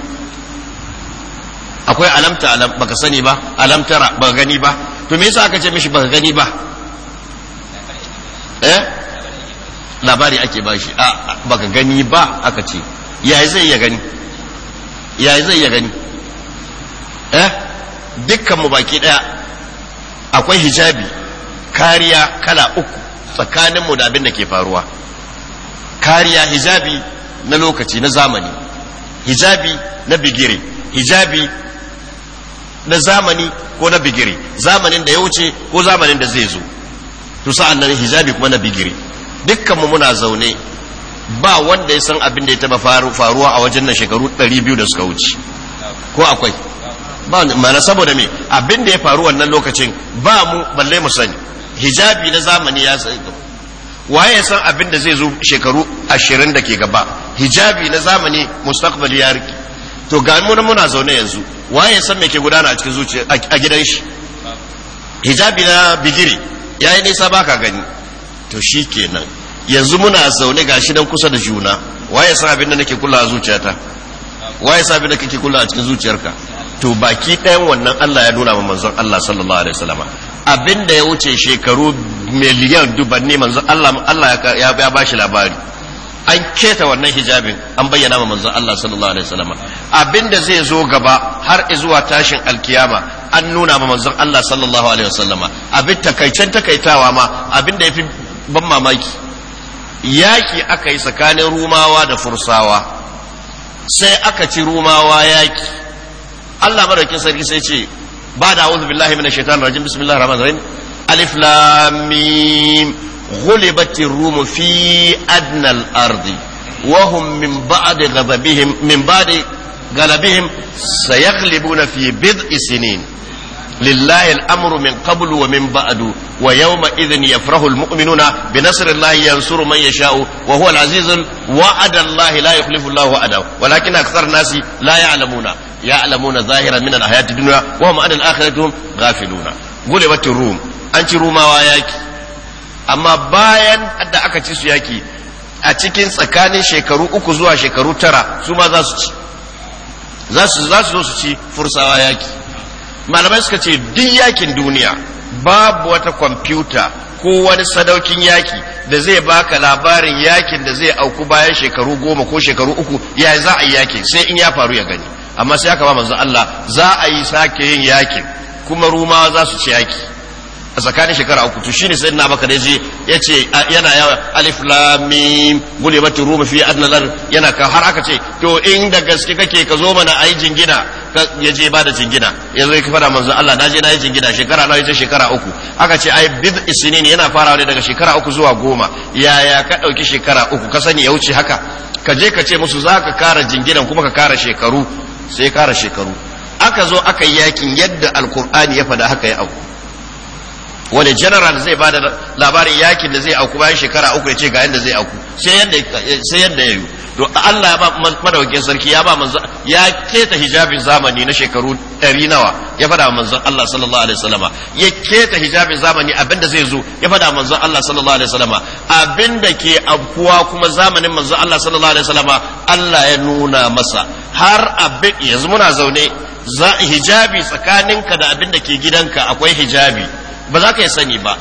akwai alamta alam baka sani ba alamtara baka gani ba to me yasa aka ce mishi baka gani ba eh labari ake bashi a baka gani ba aka ce yayi zai ya gani yayi zai ya gani eh dukkan baki ɗaya akwai hijabi kariya kala uku tsakanin mu da abin da ke faruwa kariya hijabi na lokaci na zamani hijabi na bigire hijabi na zamani ko na bigire zamanin da ya wuce ko zamanin da zai zo to sa'an nan hijabi kuma na bigire dukkanmu muna zaune ba wanda ya san abin da ya taba faruwa a wajen na shekaru 200 da suka wuce ko akwai Ba mana saboda me abin da ya faru wannan lokacin ba mu balle mu sani hijabi na zamani ya sai waye ya san abin da zai zo shekaru ashirin da ke gaba hijabi na zamani mustaqbal ya riki to ga mu muna zaune yanzu waye ya san me ke gudana a cikin zuciya a gidan shi hijabi na bigiri yayi nisa baka gani to shi kenan yanzu muna zaune gashi dan kusa da juna waye ya san abin da nake kula a zuciyata waye ya san abin da kake kula a cikin zuciyarka to baki ɗayan wannan Allah ya nuna ma manzon Allah sallallahu alaihi wasallama abinda ya wuce shekaru miliyan dubanni manzon Allah Allah ya ya bashi labari an keta wannan hijabin an bayyana ma manzon Allah sallallahu alaihi wasallama abinda zai zo gaba har zuwa tashin alkiyama an nuna ma manzon Allah sallallahu alaihi wasallama abin takaicen takaitawa ma abinda yafi ban mamaki yaki aka yi tsakanin rumawa da fursawa sai aka ci rumawa yaki Allah madaukin sarki sai ce ba da a'udhu billahi minash shaitanir rajim bismillahir rahmanir rahim alif lam mim ghulibatir rum min ba'di ghadabihim min ba'di galabihim sayaghlibuna fi لله الأمر من قبل ومن بعد ويومئذ يفرح المؤمنون بنصر الله ينصر من يشاء وهو العزيز وعد الله لا يخلف الله وعده ولكن أكثر الناس لا يعلمون Ya alamuna zahiran minan al-hayati dunya wa hum anil akhirati hum ghafiluna rum an ci rumawa yaki amma bayan da aka ci su yaki a cikin tsakanin shekaru uku zuwa shekaru tara su ma za su ci za su zo su ci fursawa yaki malamai suka ce duk yakin duniya babu wata kwamfuta ko wani sadaukin yaki da zai baka labarin yakin da zai auku bayan shekaru goma ko shekaru uku ya za a yi yakin sai in ya faru ya gani amma sai aka ba manzo Allah za a yi sake yin yakin kuma ruma za su ci yaki a tsakanin shekara uku to shine sayyidina abubakar yaje yace yana ya alif lam mim gulibatu ruma fi adnal yana ka har aka ce to in da gaske kake ka zo mana ai jingina ya je ba jingina ya ya manzo Allah na je na yi jingina shekara nawa yace shekara uku aka ce ai bid isinin yana farawa ne daga shekara uku zuwa goma yaya ka dauki shekara uku ka sani ya wuce haka ka je ka ce musu za ka kara jinginan kuma ka kara shekaru sai kara shekaru aka zo aka yi yakin yadda alkur'ani ya faɗa haka ya auku wani general zai ba da labarin yakin da zai auku bayan shekara uku ya ce ga yadda zai auku sai yadda ya yi to Allah ya ba madawakin sarki ya ba manzan ya keta hijabin zamani na shekaru ɗari nawa ya fada manzan Allah sallallahu alaihi wasallama ya keta hijabin zamani abinda zai zo ya fada manzan Allah sallallahu alaihi wasallama abinda ke afkuwa kuma zamanin manzan Allah sallallahu alaihi wasallama Allah ya nuna masa har abin yanzu muna zaune hijabi tsakaninka da abinda ke gidanka akwai hijabi ba za ka yi sani ba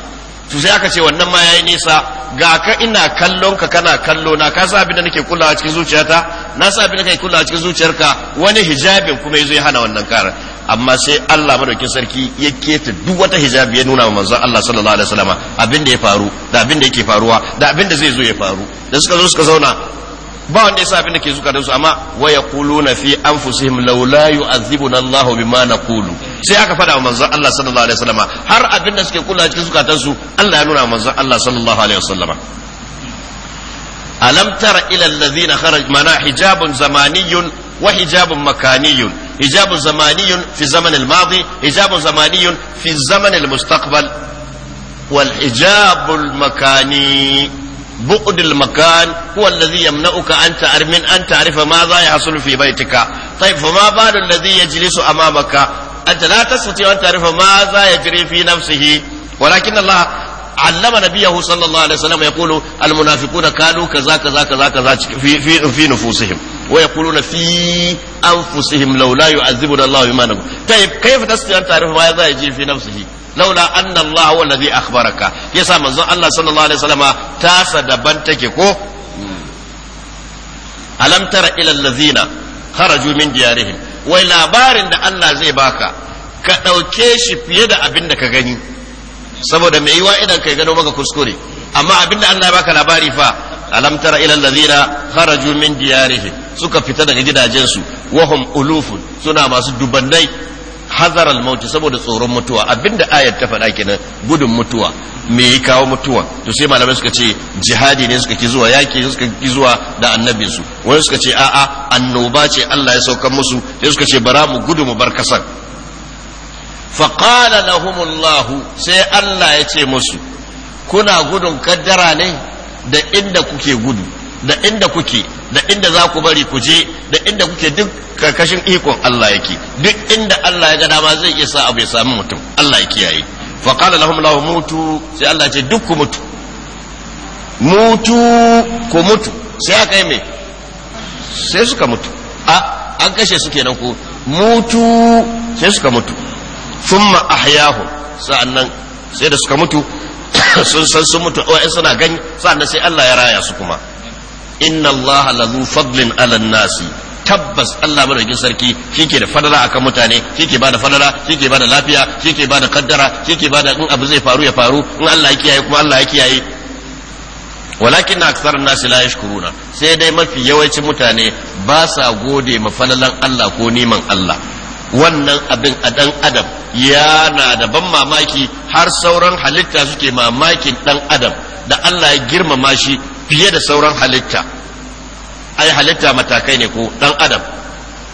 to sai aka ce wannan ma yayi nisa ga ka ina kallon ka kana kallo na ka sa abin da nake kullawa cikin zuciyarta na sa abin da kake kullawa cikin zuciyarka wani hijabin kuma yazo ya hana wannan karar amma sai Allah madaukin sarki ya keta duk wata hijabi ya nuna wa manzon Allah sallallahu alaihi wasallam abin da ya faru da abin da yake faruwa da abin zai zo ya faru da suka zo suka zauna ba wanda yasa abin da ke zuka su amma wa yaquluna fi anfusihim laula yu'adhibuna Allahu bima naqulu sai aka fada wa manzon Allah sallallahu alaihi wasallama har abin da suke kula cikin zukatansu su Allah ya nuna wa manzon Allah sallallahu alaihi wasallama alam tara ila alladhina kharaj mana hijabun zamaniyyun wa hijabun makaniyyun hijabun zamaniyyun fi zaman al-madi hijabun zamaniyyun fi zaman al-mustaqbal wal hijabul makani بؤد المكان هو الذي يمنعك أن تعرف من أن تعرف ماذا يحصل في بيتك طيب فما بال الذي يجلس أمامك أنت لا تستطيع أن تعرف ماذا يجري في نفسه ولكن الله علم نبيه صلى الله عليه وسلم يقول المنافقون كانوا كذا كذا كذا كذا في في في نفوسهم ويقولون في أنفسهم لولا يعذبنا الله بما نقول طيب كيف تستطيع أن تعرف ماذا يجري في نفسه لولا أن الله هو الذي أخبرك يسا منزل الله صلى الله عليه وسلم تاسا دبنتك كو ألم تر إلى الذين خرجوا من ديارهم ولابار أن الله زي باكا كأوكيش بيد أبنك غني saboda mai yiwa idan kai gano maka kuskure amma abinda Allah ya baka labari fa alam tara ila allazina kharaju min diyarihim suka fita daga gidajensu wahum ulufun suna masu dubannai hazar al saboda tsoron mutuwa abinda ayat ta faɗa kenan gudun mutuwa me ya kawo mutuwa to sai malamai suka ce jihadi ne suka ki zuwa yaki suka ki zuwa da annabin su wani suka ce a'a annoba ce Allah ya saukar musu sai suka ce bara mu gudu mu bar kasar fa qala lahumullahu sai Allah ya ce musu kuna gudun kaddara ne da inda kuke gudu da inda kuke da inda za ku bari ku je da inda kuke duk karkashin ikon Allah yake duk inda Allah ya ga dama zai iya sa abu ya sami mutum Allah ya kiyaye fa qala lahum lahu mutu sai Allah ce duk ku mutu mutu ku mutu sai aka yi me sai suka mutu a an kashe su kenan ko mutu sai suka mutu thumma ahyahu sa'annan sai da suka mutu sun san sun mutu wa'in suna gani sannan sai Allah ya raya su kuma inna Allah lazu fadlin ala nasi tabbas Allah madaukin sarki shi ke da fadala akan mutane shi ke bada fadala ke bada lafiya shi ke bada kaddara shi ke bada in abu zai faru ya faru in Allah ya kiyaye kuma Allah ya kiyaye walakin aksar nasi la yashkuruna sai dai mafi yawancin mutane ba sa gode ma falalan Allah ko neman Allah wannan abin a ɗan adam yana da ban mamaki har sauran halitta suke mamakin ɗan adam da Allah ya girmama shi fiye da sauran halitta ai halitta matakai ne ko dan adam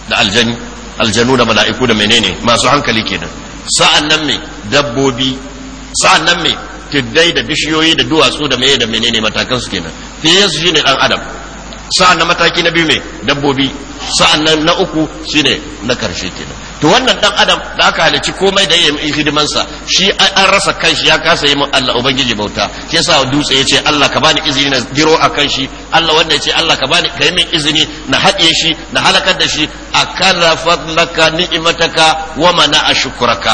da aljani aljanu da mala'iku da menene masu hankali kenan sa'an nan me dabbobi sa'an nan me tiddai da bishiyoyi da duwatsu da meye da menene matakan su kenan fiye su ne dan adam sa'an na mataki na biyu mai dabbobi sa'an nan na uku shi ne na karshe kenan to wannan dan adam da aka halici komai da yin hidimansa shi an rasa kan shi ya kasa yi Allah ubangiji bauta shi yasa dutse ya ce Allah ka bani izini na giro a kan shi Allah wanda ya ce Allah ka bani yi min izini na haɗe shi na halakar da shi a akala fadlaka ni'imataka wa mana ashkuraka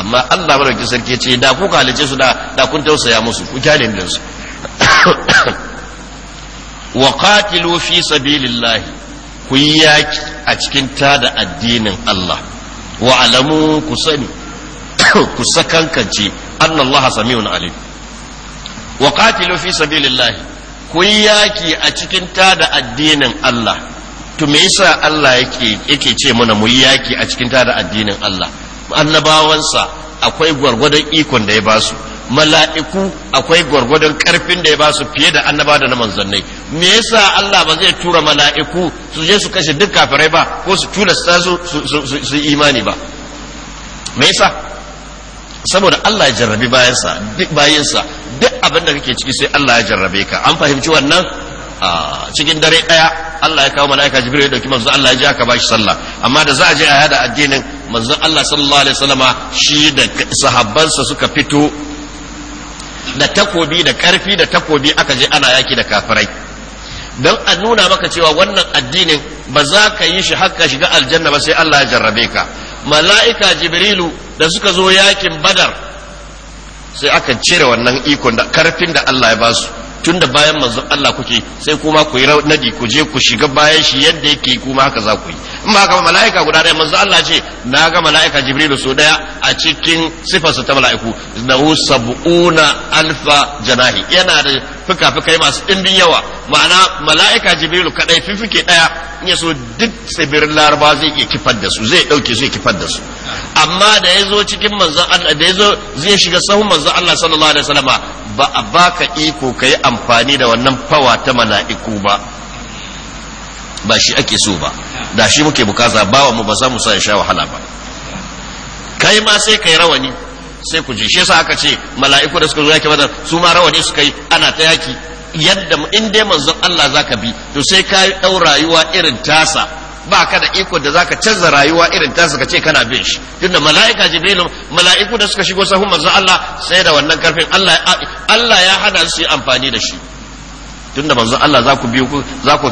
amma Allah madaukakin sarki ce da ku halice su da da kun tausaya musu ku kyale su wa qatilu fi sabilillahi ku yaki a cikin da addinin Allah wa alamu ku sani ku sakankance annallaha samiun alim wa qatilu fi sabilillahi ku yaki a cikin da addinin Allah to me yasa Allah yake yake ce mana mu yi yaki a cikin da addinin Allah annabawansa akwai gwargwadon ikon da ya basu mala'iku akwai gwargwadon karfin da ya basu fiye da annaba da na me yasa Allah ba zai tura mala'iku su je su kashe duk kafirai ba ko su tura su su imani ba me yasa saboda Allah ya jarrabi bayansa duk bayansa duk abin da kake ciki sai Allah ya jarrabe ka an fahimci wannan cikin dare daya Allah ya kawo mala'ika Jibril ya dauki manzo Allah ya ji aka bashi sallah amma da za a je a hada addinin manzo Allah sallallahu alaihi wasallama shi da sahabbansa suka fito da takobi da karfi da takobi aka je ana yaki da kafirai don a nuna maka cewa wannan addinin ba za ka yi shi haka shiga aljanna ba sai Allah ya jarrabe ka mala'ika jibrilu da suka zo yakin badar sai aka cire wannan ikon da karfin da Allah ya ba su tun da bayan manzon Allah kuke sai kuma ku yi nadi ku je ku shiga bayan shi yadda yake kuma haka za ku yi in ba kama mala'ika guda ɗaya manzon Allah ce na ga mala'ika jibrilu so daya a cikin sifarsa ta mala'iku nahu sab'una alfa janahi yana da fikafikai masu ɗimbin yawa ma'ana mala'ika jibrilu kadai fifike daya in ya so duk tsibirin laraba zai iya kifar da su zai dauke su ya kifar da su amma da ya zo cikin manzan Allah da ya zo zai shiga sahun manzan Allah sallallahu alaihi wasallama ba a baka iko kai amfani da wannan fawa ta mala'iku ba ba shi ake so ba da shi muke bukata bawa mu ba za mu sa ya sha wahala ba kai ma sai kai rawani sai ku ji shi yasa aka ce mala'iku da suka zo yaki badar su ma rawani suka yi ana ta yaki yadda in dai manzon Allah zaka bi to sai ka dau rayuwa irin tasa ba ka da iko da zaka canza rayuwa irin tasa ka ce kana bin shi tunda mala'ika jibrilu mala'iku da suka shigo sahun manzon Allah sai da wannan karfin Allah Allah ya hada su amfani da shi tunda manzo Allah za ku biyo ku za ku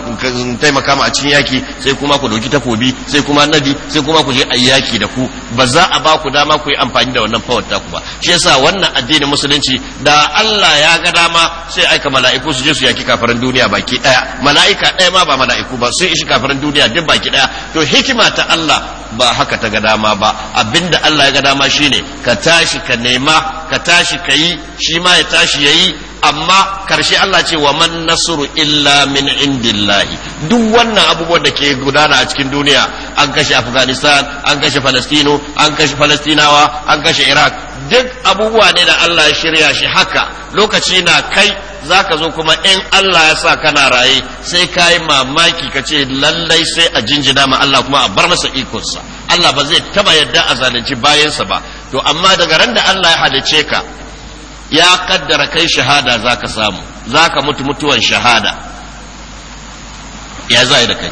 taimaka mu a cikin yaki sai kuma ku dauki takobi sai kuma nabi sai kuma ku je a yaki da ku ba za a ba ku dama ku yi amfani da wannan power ku ba shi yasa wannan addinin musulunci da Allah ya ga dama sai aika mala'iku su je su yaki kafiran duniya baki daya mala'ika daya ma ba mala'iku ba sai ishi kafiran duniya duk baki daya to hikima ta Allah ba haka ta ga dama ba abinda Allah ya ga dama shine ka tashi ka nema ka tashi ka yi shi ma ya tashi yayi amma karshe Allah ce wa man nasru illa min indillahi duk wannan abubuwan da ke gudana a cikin duniya an kashe afghanistan an kashe palestino an kashe palestinawa an kashe iraq duk abubuwa ne da Allah ya shirya shi haka lokaci na kai zaka zo kuma in Allah ya sa kana raye sai ka yi mamaki ka ce lallai sai a jinjina ma Allah kuma a bar masa ikonsa Allah ba zai taba yadda a zalunci bayansa ba to amma daga ran da Allah ya halice ka ya kaddara kai shahada zaka samu zaka mutu mutuwan shahada ya zai da kai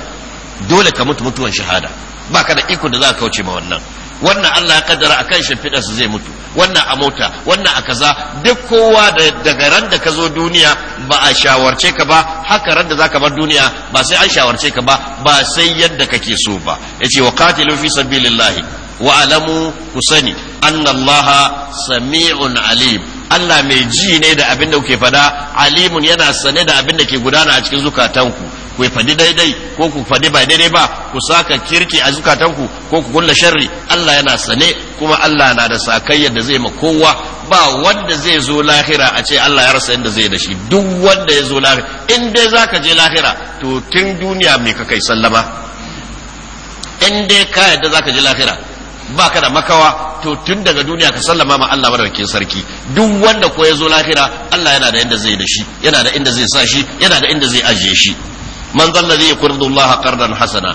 dole ka mutu mutuwan shahada baka da iko da za ka kauce ma wannan wannan Allah ya kaddara akan shimfiɗa su zai mutu wannan a mota wannan a kaza duk kowa daga ran da ka zo duniya ba a shawarce ka ba haka ran da za ka bar duniya ba sai an shawarce ka ba ba sai yadda kake so ba ya ce wa qatilu fi sabilillahi wa alamu ku sani annallaha sami'un alim Allah mai ji ne da abin da kuke fada alimun yana sane da abin da ke gudana a cikin zukatanku ku fadi daidai ko ku fadi ba daidai ba ku saka kirki a zukatanku ko ku kulla sharri Allah yana sane kuma Allah na da sakayyar da zai ma kowa ba wanda zai zo lahira a ce Allah ya rasa yadda zai da shi duk wanda ya zo lahira in dai zaka je lahira to tun duniya mai ka kai sallama in dai ka yadda zaka je lahira baka da makawa to tun daga duniya ka sallama ma Allah madaukakin sarki duk wanda ko ya zo lahira Allah yana da inda zai da shi yana da inda zai sa shi yana da inda zai ajiye shi man zalla zai yaqridu Allah qardan hasana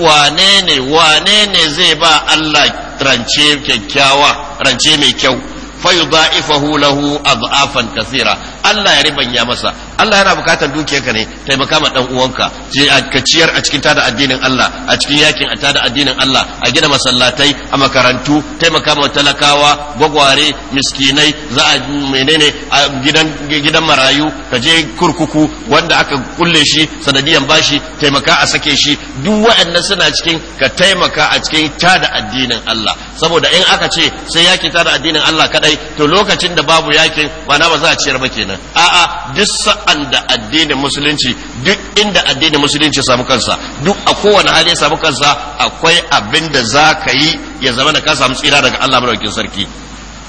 wane ne wane ne zai ba Allah rance kyakkyawa rance mai kyau yudaifahu lahu adhafan kathira Allah ya ya masa Allah yana bukatar ka ne taimaka ma dan uwanka je ka ciyar a cikin tada addinin Allah a cikin yakin a tada addinin Allah a gina masallatai a makarantu taimaka ma talakawa gwagware miskinai za a menene a gidan gidan marayu ka je kurkuku wanda aka kulle shi sanadiyan bashi taimaka a sake shi duk waɗannan suna cikin ka taimaka a cikin tada addinin Allah saboda in aka ce sai yakin tada addinin Allah kadai to lokacin da babu yakin ba na ba za a ciyar ba kenan a'a duk sa'an da addinin musulunci duk inda addinin musulunci ya samu kansa duk a kowane hali ya samu kansa akwai abin da za ka yi ya zama da ka samu tsira daga Allah madaukakin sarki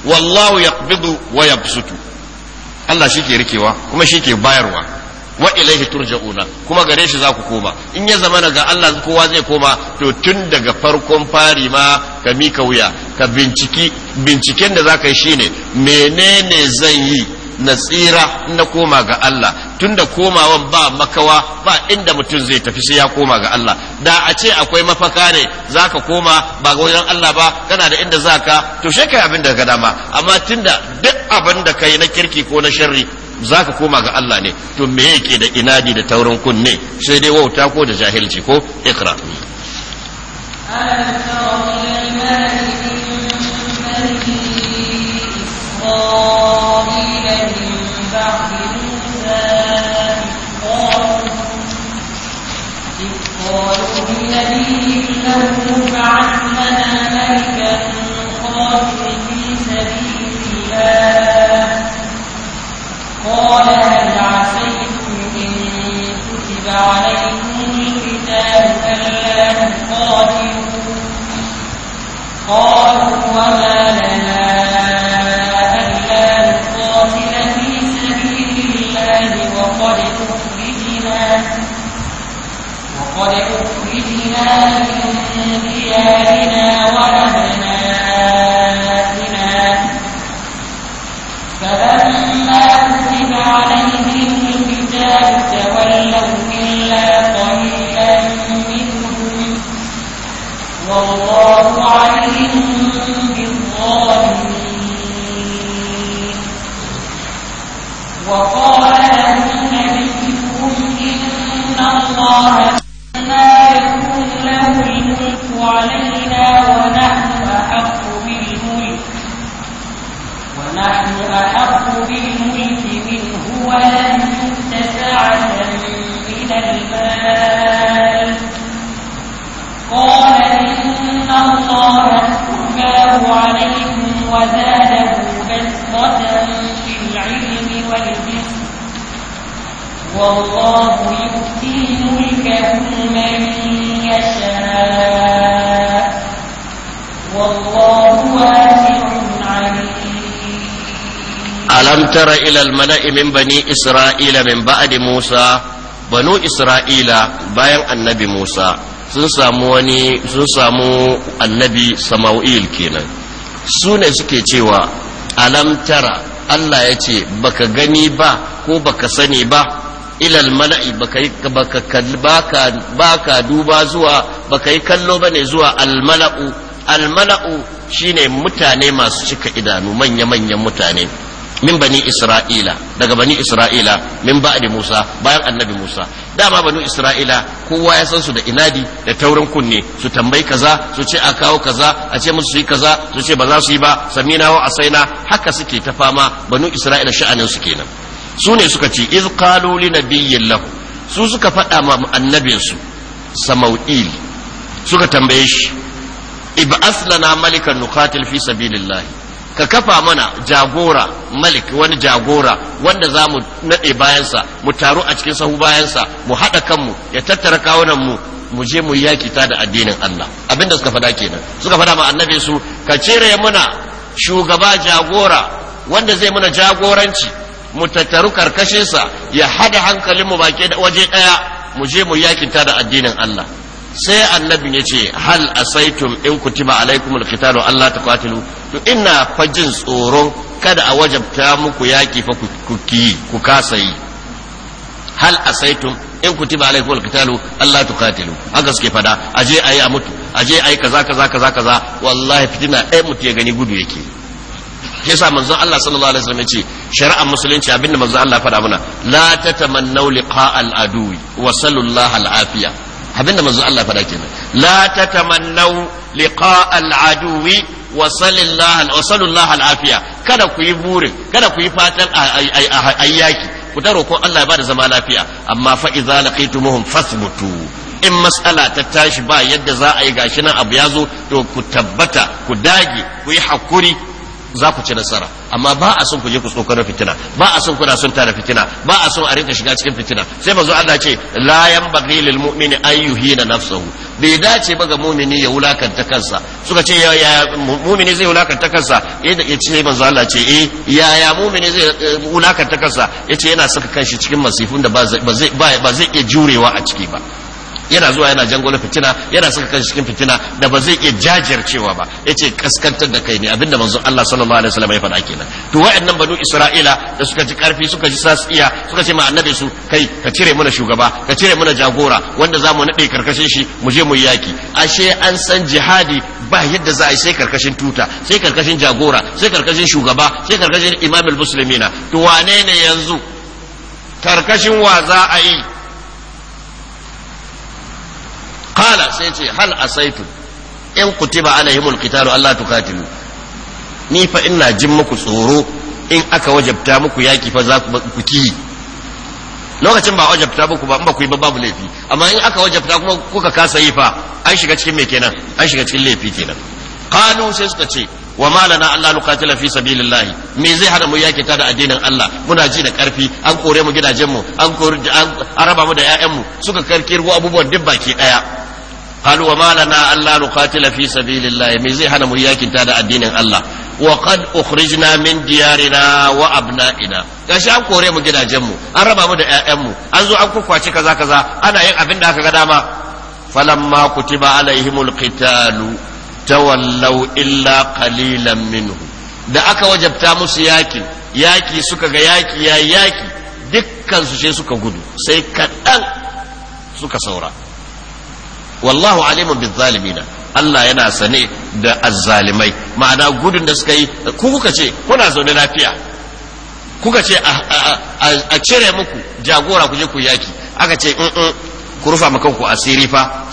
wallahu yaqbidu wa yabsutu Allah shi ke rikewa kuma shi ke bayarwa wa ilaihi turja'una kuma gare shi za ku koma in ya zama daga Allah kowa zai koma to tun daga farkon fari ma ka mika wuya ka binciki binciken da zaka yi shine menene zan yi na tsira na koma ga Allah tunda komawan ba makawa ba inda mutum zai tafi sai ya koma ga Allah da a ce akwai mafaka ne zaka koma ba ga wajen Allah ba kana da inda zaka to shi kai abin da dama amma tunda duk abin da kai na kirki ko na sharri zaka koma ga Allah ne to me yake da inadi da taurin kunne sai dai wauta ko da jahilci ko ikra ألم تر إلى الملك إسرائيل من إذ قالوا لنبي له بعث لنا ملكا قاتل في سبيل الله قال هل عسيتم إن كتب عليكم الكتاب ألا تقاتلوا قالوا وما لنا قد من ديارنا وأبنائنا فلما كتب عليهم الكتاب تولوا إلا قليلا منهم والله عليم بالظالمين وقال لهم نبيكم إن الله علينا ونحن أحق بالملك ونحن أحق بالملك منه ولم يؤت ساعة من المال قال إن الله اصطفاه عليكم وزاده بسطة في العلم والجسم والله يؤتي ملكه من يشاء والله واسع عليم ألم تر إلى banu isra'ila bayan annabi musa sun samu wani sun samu annabi sama'il kenan su ne suke cewa alamtara allah ya ce baka gani ba ko baka sani ba ilal mala'i baka ka duba zuwa ba yi kallo ba ne zuwa almala'u almala'u shine mutane masu cika idanu manya-manyan mutane min bani isra'ila daga bani isra'ila min ba'di musa bayan annabi musa dama banu isra'ila kowa ya san su da inadi da taurin kunne su tambayi kaza su ce a kawo kaza a ce musu yi kaza su ce ba za su yi ba samina wa asaina haka suke ta fama banu isra'ila sha'anin su kenan su ne suka ce iz qalu li nabiyyin lahu su suka faɗa ma annabinsu samau'il suka tambaye shi ib'as lana malikan nuqatil fi sabilillah ka kafa mana jagora malik wani jagora wanda za mu naɗe bayansa mu taru a cikin sahu bayansa mu haɗa kanmu ya tattara kawunan mu mu je mu yaki ta da addinin Allah abinda suka faɗa kenan suka faɗa ma annabi su ka cire mana shugaba jagora wanda zai mana jagoranci mu tattaru karkashinsa ya hada hankalin mu baki waje daya mu je mu yakinta da addinin Allah sai annabin ya ce hal asaitum in kutiba alaikumul qitalu Allah ta qatilu to ina fajin tsoron kada a wajabta muku yaki fa ku ki ku kasa yi hal asaitum in kutiba alaikumul qitalu Allah ta qatilu haka suke fada aje ayi a mutu aje ayi kaza kaza kaza kaza wallahi fitina ɗaya mutu ya gani gudu yake yasa manzon Allah sallallahu alaihi wasallam yace shari'ar musulunci abinda manzon Allah faɗa mana la tatamannu liqa al aduwi wa sallallahu al afiya abinda manzon Allah faɗa kenan la tatamannu liqa al aduwi wa sallallahu al afiya kada ku yi burin kada ku yi fatan ayyaki ku ta ko Allah ya bada zama lafiya amma fa idza laqitumuhum fasbutu in matsala ta tashi ba yadda za a yi gashi nan abu ya zo to ku tabbata ku dage ku yi hakuri za ku ci nasara amma ba a son ku je ku tsokano fitina ba a son kuna son tara fitina ba a son a rinka shiga cikin fitina sai manzo Allah ce la yanbaghi lil mu'mini an yuhina nafsahu bai dace ba ga mu'mini ya wulakanta kansa suka ce ya ya mu'mini zai wulakanta kansa ya ce manzo Allah ce eh ya ya mu'mini zai eh, wulakanta kansa yace yana saka kanshi cikin masifun da ba zai ba zai iya jurewa a ciki ba yana zuwa yana na fitina yana saka kan cikin fitina da ba zai iya jajircewa ba yace kaskantar da kai ne abinda manzon Allah sallallahu alaihi wasallam ya faɗa kenan to wa'annan banu Isra'ila da suka ji karfi suka ji sasu iya suka ce ma annabi su kai ka cire mana shugaba ka cire mana jagora wanda zamu nade karkashin shi mu je mu yaki ashe an san jihadi ba yadda za a yi sai karkashin tuta sai karkashin jagora sai karkashin shugaba sai karkashin imamul muslimina to wane ne yanzu karkashin wa za a yi Kala sai ce hal saitu in kutiba alaihimul qitalu Allah tukatilu ni fa ina jin muku tsoro in aka wajabta muku yaki fa za ku ki lokacin ba wajabta muku ba in ba ba babu laifi amma in aka wajabta kuma kuka kasa yi fa an shiga cikin mai kenan an shiga cikin laifi kenan qalu sai suka ce wa malana lana Allah nuqatila fi sabilillah me zai hada mu yake da addinin Allah muna ji da karfi an kore mu gidajen mu an kore an raba mu da ƴaƴan mu suka karkirgo abubuwan duk baki daya qalu wa malana lana Allah nuqatila fi sabilillah me zai hada mu yake da addinin Allah wa qad ukhrijna min diyarina wa abna'ina gashi an kore mu gidajen mu an raba mu da ƴaƴan mu an zo an kukwace kaza kaza ana yin abin da aka ga dama falamma kutiba alaihimul qitalu tawallau illa qalilan minhu da aka wajabta musu yaki yaki suka ga yaki ya yaki dukkan su sai suka gudu sai kaɗan suka saura wallahu alimun bizzalimina Allah yana sane da azzalimai ma'ana gudun da suka yi ku kuka ce kuna zaune lafiya kuka ce a cire muku jagora ku je ku yaki aka ce mm, mm, ku rufa ma kanku asiri fa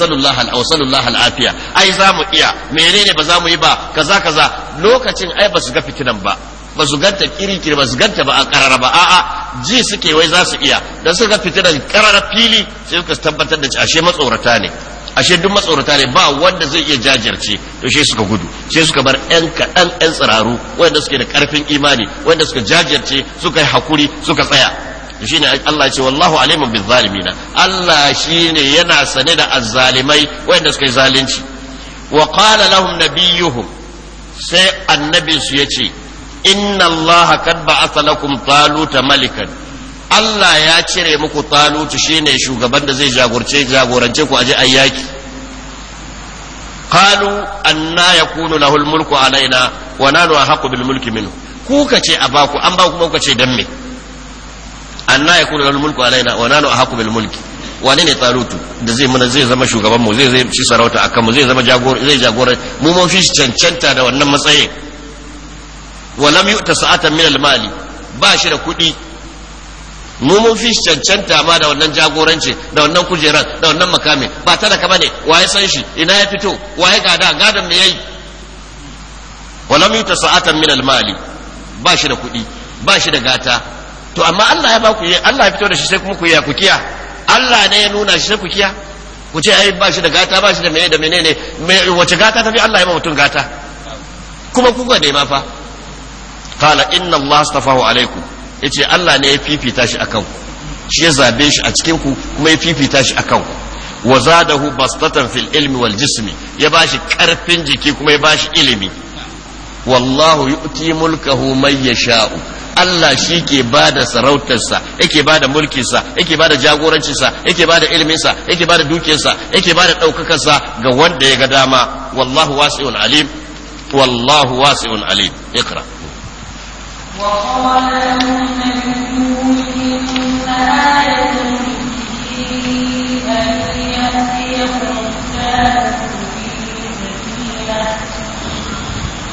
sallallahu alaihi wa sallallahu alafiya ai za mu iya menene ba za mu yi ba kaza kaza lokacin ai ba su ga fitinan ba ba su ganta kirikiri ba su ganta ba a karara ba a'a ji suke wai za su iya su suka fitinan karara fili sai suka tabbatar da ashe matsorata ne ashe duk matsorata ne ba wanda zai iya jajirce to shi suka gudu sai suka bar yan kaɗan yan tsiraru wanda suke da karfin imani wanda suka jajirce suka yi hakuri suka tsaya shine Allah ce wallahu alimun bizzalimina Allah shine yana sane da azzalimai wanda suka yi zalunci wa qala lahum nabiyuhum sai annabi su yace inna Allah kad ba'atha lakum taluta malikan Allah ya cire muku talutu shine shugaban da zai jagorce jagorance ku aje ayyaki قالوا أنا يكون له الملك علينا ونحن أحق بالملك منه kuka ce a baku an baku kuka ce dan me anna yakunu lahu mulku alaina wa nanu ahqu bil mulki wane ne talutu da zai mana zai zama shugaban mu zai zai ci sarauta a mu zai zama jagora zai jagora mu mun fi cancanta da wannan matsayin wa lam yu'ta sa'atan min al mali ba shi da kuɗi mu mun fi cancanta ma da wannan jagoranci da wannan kujeran da wannan makami ba ka bane waye san shi ina ya fito waye gada gadan me yayi wa lam yu'ta sa'atan min al mali ba shi da kuɗi ba shi da gata to amma Allah ya ba ku Allah ya fito da shi sai kuma ku yi ku kiya Allah ne ya nuna shi sai ku kiya ku ce ai ba shi da gata ba shi da mene da menene wace gata tafi Allah ya ba mutum gata kuma ku ga ma fa qala inna Allah astafahu alaikum yace Allah ne ya fifita shi akan ku shi ya zabe shi a cikin ku kuma ya fifita shi akan ku wa zadahu bastatan fil ilmi wal jismi ya bashi karfin jiki kuma ya bashi ilimi wallahu يؤتي ملكه من يشاء Allah shi ke ba da sarautarsa yake ba da mulkinsa yake ba da jagorancinsa yake ba da iliminsa yake ba da dukiyarsa yake ba da ɗaukakarsa ga wanda ya ga dama wallahu wasi'un alim wallahu wasi'un alim ikra وقال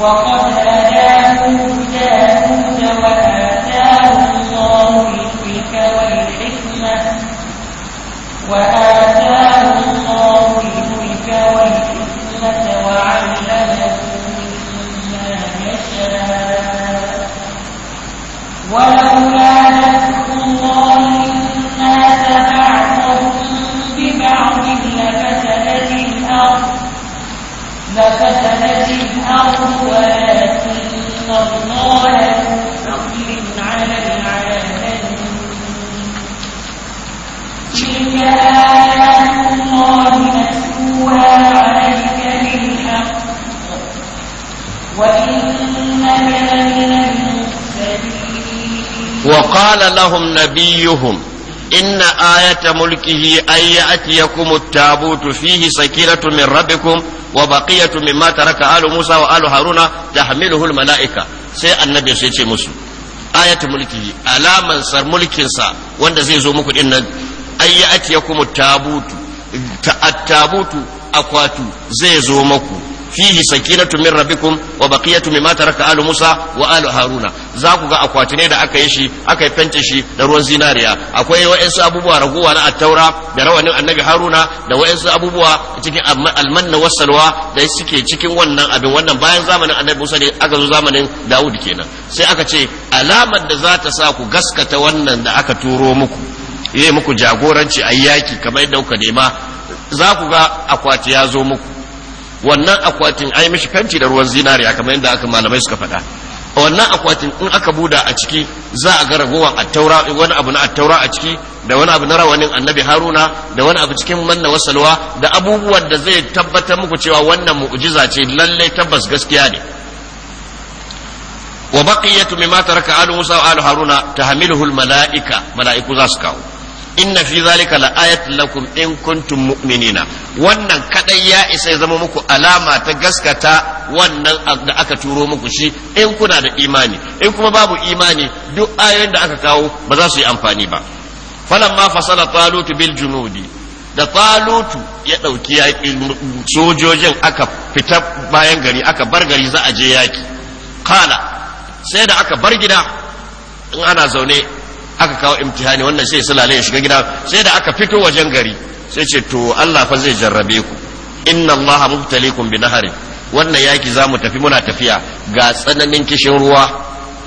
وقد وآتاه الله والحكمة وآتاه الله والحكمة وعلمه يشاء ولولا الأرض ولكن الله على تلك آيات الله عليك بالحق وإنك وقال لهم نبيهم inna ayata mulkihi ay ya'tiyakum at-tabutu fihi sakiratu min rabbikum wa baqiyatu mimma taraka alu Musa wa alu Haruna da al hulmala'ika sai annabi ya ce musu ayatu mulkihi alaman sar sa wanda zai zo muku din nan ay ya'tiyakum at-tabutu at akwatu zai zo muku fihi Tumin Rabi rabbikum wa baqiyatu mimma taraka alu musa wa alu haruna za ku ga akwati ne da aka yi shi aka fente shi da ruwan zinariya akwai wa'ansu abubuwa raguwa na attaura da rawanin annabi haruna da wa'ansu abubuwa cikin almanna wasalwa da suke cikin wannan abin wannan bayan zamanin annabi musa ne aka zamanin dawud kenan sai aka ce alamar da za ta sa ku gaskata wannan da aka turo muku yi muku jagoranci a yaki kamar yadda kuka nema za ku ga akwati ya zo muku wannan akwatin ai mishi fenti da ruwan zinariya kamar yadda aka malamai suka faɗa wannan akwatin in aka buda a ciki za a ga ragowar attaura wani abu na attaura a ciki da wani abu na rawanin annabi haruna da wani abu cikin manna wasalwa da abubuwan da zai tabbatar muku cewa wannan mu'jiza ce lallai tabbas gaskiya ne wa baqiyatu mimma taraka alu musa wa alu haruna tahmiluhu al mala'ika mala'iku za su kawo inna fi zalika la ayatul lakum in kuntum mu'minina wannan kadai ya isa ya zama muku alama ta gaskata wannan da aka turo muku shi in kuna da imani in kuma babu imani duk ayoyin da aka kawo ba za su yi amfani ba ma fasala talut bil junudi da talut ya dauki sojojin aka fita bayan gari aka bar gari za a je yaki kala sai da aka bar gida in ana zaune aka kawo imtihani wannan sai sulale ya shiga gida sai da aka fito wajen gari sai ce to Allah fa zai jarrabe ku inna Allah mubtalikum bi nahari wannan yaki za mu tafi muna tafiya ga tsananin kishin ruwa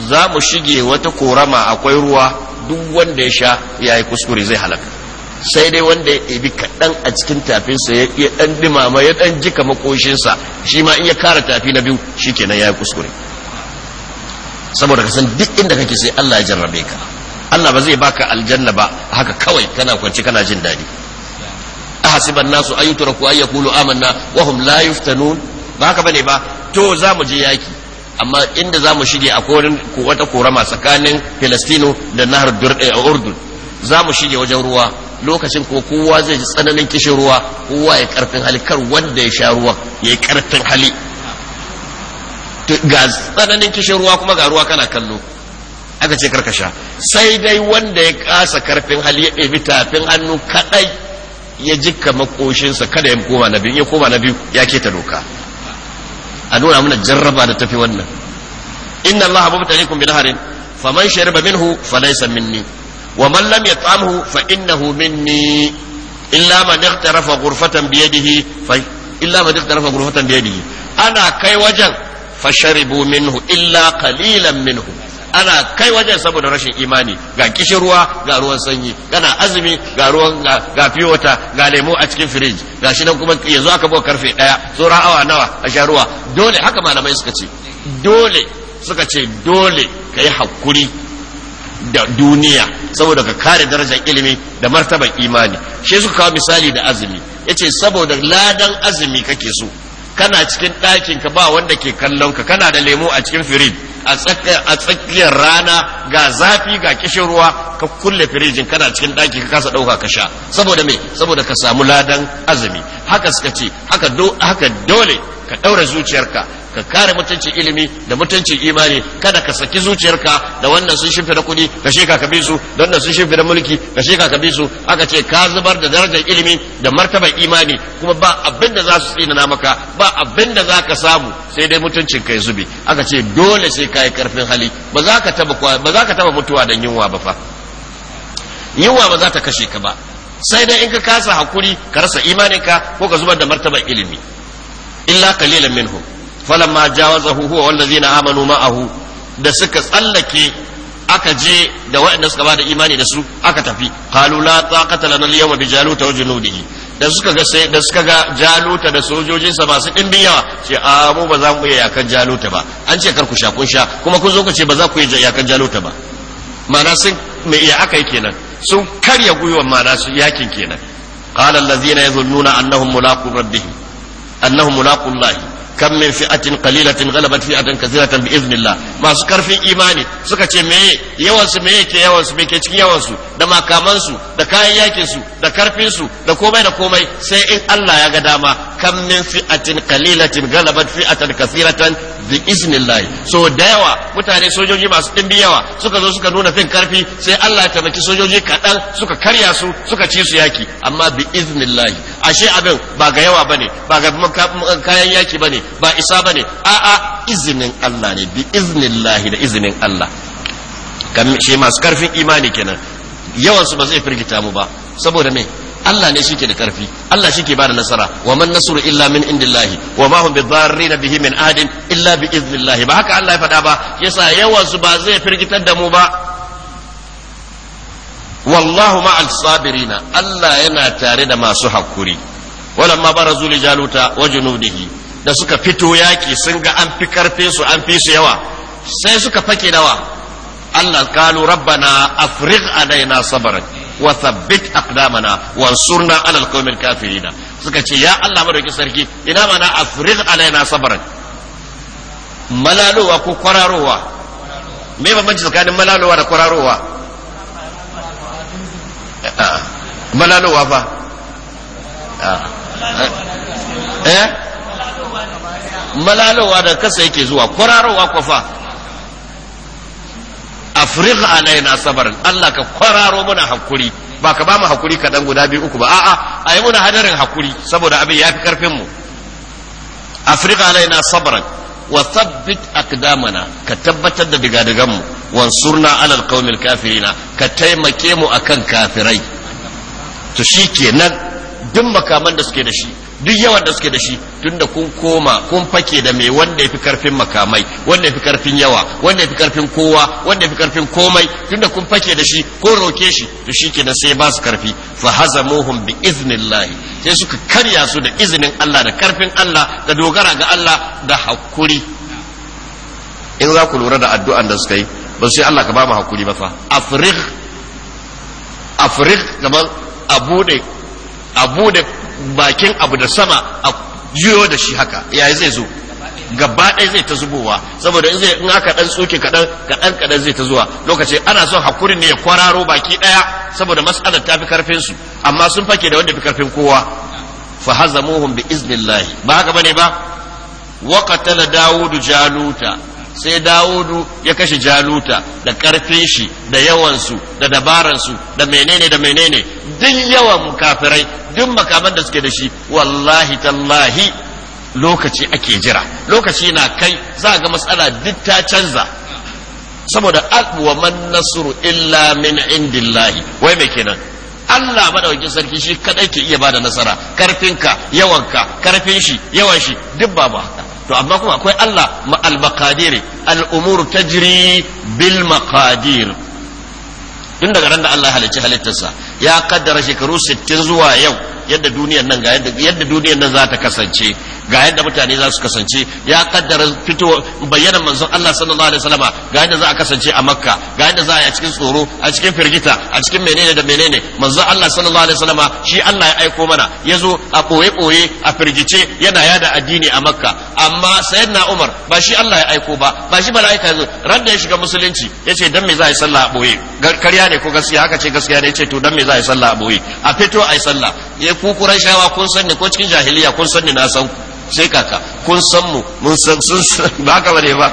za mu shige wata korama akwai ruwa duk wanda ya sha ya yi kuskure zai halaka sai dai wanda ya ɗebi kaɗan a cikin tafinsa ya ɗan dimama ya ɗan jika makoshinsa shi ma in ya kara tafi na biyu shi kenan ya yi kuskure saboda ka san duk inda kake sai Allah ya jarrabe ka Allah ba zai baka aljanna ba haka kawai kana kwanci kana jin daɗi ahasiban nasu an yutraku an amanna wa hum la yuftanun ba haka bane ba to za mu je yaki amma inda za mu shige a korin wata korama tsakanin Filistino da nahar eh, Urdun za mu shige wajen ruwa lokacin ko kowa zai ji tsananin kishin ruwa kowa ya karfin hali kar wanda ya sha ruwa ya yi karfin hali ga tsananin kishin ruwa kuma ga ruwa kana kallo aka ce karkasha sai dai wanda ya kasa karfin hali ya ɗebi tafin hannu kaɗai ya jikka makoshinsa kada ya koma na biyu ya koma na biyu ya keta doka a nuna mana jarraba da tafi wannan inna allaha faman shariba minhu minni wa man lam yat'amhu fa innahu minni illa man ghurfatan bi yadihi fa illa man ghurfatan bi yadihi ana kai wajen fasharibu minhu illa qalilan minhu ana kai wajen saboda rashin imani ga kishin ruwa ga ruwan sanyi kana azumi ga ruwan ga fiyota ga lemo a cikin firij ga shi nan kuma yanzu aka bawa karfe daya tsoron awa nawa a sha ruwa dole haka malamai suka ce dole suka ce dole ka yi hakuri da duniya saboda ka kare darajar ilimi da martaban imani shi suka kawo misali da azumi yace saboda ladan azumi kake so kana cikin ɗakin ka ba wanda ke kallon ka kana da lemo a cikin firij a tsakiyar rana ga zafi ga kishin ruwa ka kulle firijin kana cikin ɗaki ka kasa ɗauka ka sha saboda me saboda ka samu ladan azumi haka suka ce haka dole ka ɗaura zuciyarka ka kare mutuncin ilimi da mutuncin imani kada ka saki zuciyarka da wannan sun da kuɗi ka sheka ka bi su da wannan sun da mulki ka sheka ka bi su aka ce ka zubar da darajar ilimi da martabar imani kuma ba abin da za su tsinana maka ba abin da za ka samu sai dai mutuncin kai zube aka ce dole sai ka yi karfin hali ba za ka taba ba za ka taba mutuwa dan yunwa ba fa yunwa ba za ta kashe ka ba sai dai in ka kasa hakuri ka rasa imaninka ko ka zubar da martabar ilimi illa qalilan minhum falamma jawazahu huwa wallazina amanu ma'ahu da suka tsallake aka je da waɗanda suka bada imani da su aka tafi qalu la taqata lana al-yawma bi jaluta wa junudihi da suka ga sai da suka ga jaluta da sojojinsa masu ɗimbin yawa ce a mu ba za mu iya yakan jaluta ba an ce kar ku sha kun sha kuma kun zo ku ce ba za ku iya yakan jaluta ba ma'ana sun me iya aka yi kenan sun karya gwiwar ma'ana su yakin kenan qala allazina yadhunnuna annahum mulaqu rabbihim annahum mulaqu allahi kam min fi'atin qalilatin ghalabat fi'atan kathiratan bi masu karfin imani suka ce meye yawan su meye ke yawan su me ke cikin yawan su da makaman su da kayan yakin su da karfin su da komai da komai sai in Allah ya ga dama kam min fi'atin qalilatin ghalabat fi'atan kathiratan bi so da yawa mutane sojoji masu dimbi yawa suka zo suka nuna fin karfi sai Allah ya taimaki sojoji kaɗan suka karya su suka ci su yaki amma bi ashe abin ba ga yawa bane ba ga kayan yaki bane ba isa bane a'a izinin Allah ne bi iznillahi da izinin Allah kan shi masu karfin imani kenan yawan su ba zai firgita mu ba saboda me Allah ne shike da karfi Allah shike bada nasara wa man nasru illa min indillahi wa ma hum bidarrin bihi min adin illa bi iznillahi ba haka Allah ya faɗa ba yasa yawan su ba zai firgitar da mu ba والله مع الصابرين ألا ينا تارد ما سحكري ولما برزوا لجالوت وجنوده da suka fito yaki sun ga an fi karfe su an fi su yawa sai suka fake dawa Allah kalu rabbana afrigh alaina sabran wa thabbit aqdamana ansurna ala alqawmil kafirin suka ce ya Allah madauki sarki ina mana afrigh alaina sabran malalowa ko kwararowa me bambanci tsakanin malalowa da kwararowa eh, eh, malalowa fa ah, eh, eh? malalowa da kasa yake zuwa kwararowa kwafa afriq alaina sabarin Allah ka kwararo muna hakuri ba ka ba mu hakuri kaɗan guda biyu uku ba a'a a yi muna hadarin hakuri saboda abin ya fi karfin mu afriq alaina sabarin wa thabbit aqdamana ka tabbatar da digadigan mu wansurna alal qaumil kafirina ka taimake mu akan kafirai to shi shikenan duk makaman da suke da shi duk yawan da suke da shi tunda kun koma kun fake da mai wanda ya fi karfin makamai wanda ya fi karfin yawa wanda ya fi karfin kowa wanda ya fi karfin komai tunda kun fake da shi ko roke shi to shi kenan sai ba su karfi fa hazamuhum bi iznillah sai suka karya su da izinin Allah da karfin Allah da dogara ga Allah da hakuri in za ku lura da addu'an da suka yi ba sai Allah ka ba mu hakuri ba fa afrigh afrigh kamar a buɗe. Abu bude bakin abu da sama a juyo da shi haka yayi zai zo gaba ɗaya zai ta zubowa saboda in zai in aka dan tsoke kaɗan kaɗan kaɗan zai ta zuwa lokaci ana son hakuri ne ya kwararo baki ɗaya saboda mas'alar ta fi karfin su amma sun fake da wanda fi karfin kowa fa hazamuhum bi iznillah ba haka bane ba wa qatala dawud jaluta sai dawudu ya kashe jaluta da karfin shi da yawansu da dabaransu da menene da menene duk yawan kafirai duk makaman da suke da shi wallahi tallahi lokaci ake jira lokaci na kai za ga matsala duk ta canza saboda wa man nasru illa min indillahi wai me kenan Allah madaukakin sarki shi kadai ke iya bada nasara karfinka yawanka karfin shi yawan shi duk babu haka to amma kuma akwai Allah ma al-maqadir al-umur tajri bil maqadir tun daga ran da Allah halicci halittarsa ya kaddara shekaru 60 zuwa yau yadda duniyar nan ga yadda duniyar nan za ta kasance ga yadda mutane za su kasance ya kaddara fito bayyana manzon Allah sallallahu alaihi wasallama ga yadda za a kasance a Makka ga yadda za a yi a cikin tsoro a cikin firgita a cikin menene da menene manzon Allah sallallahu alaihi wasallama shi Allah ya aiko mana yazo a koye koye a firgice yana yada addini a Makka amma sayyidina Umar ba shi Allah ya aiko ba ba shi mala'ika yazo ran da ya shiga musulunci yace dan me za a yi sallah a boye karya ne ko gaskiya haka ce gaskiya ne ce to dan me za a yi sallah a boye a fito a yi sallah ya ku kuran shawa kun san ne ko cikin jahiliya kun san ne na san ku sai kaka kun san mu mun san sun san ba ka bane ba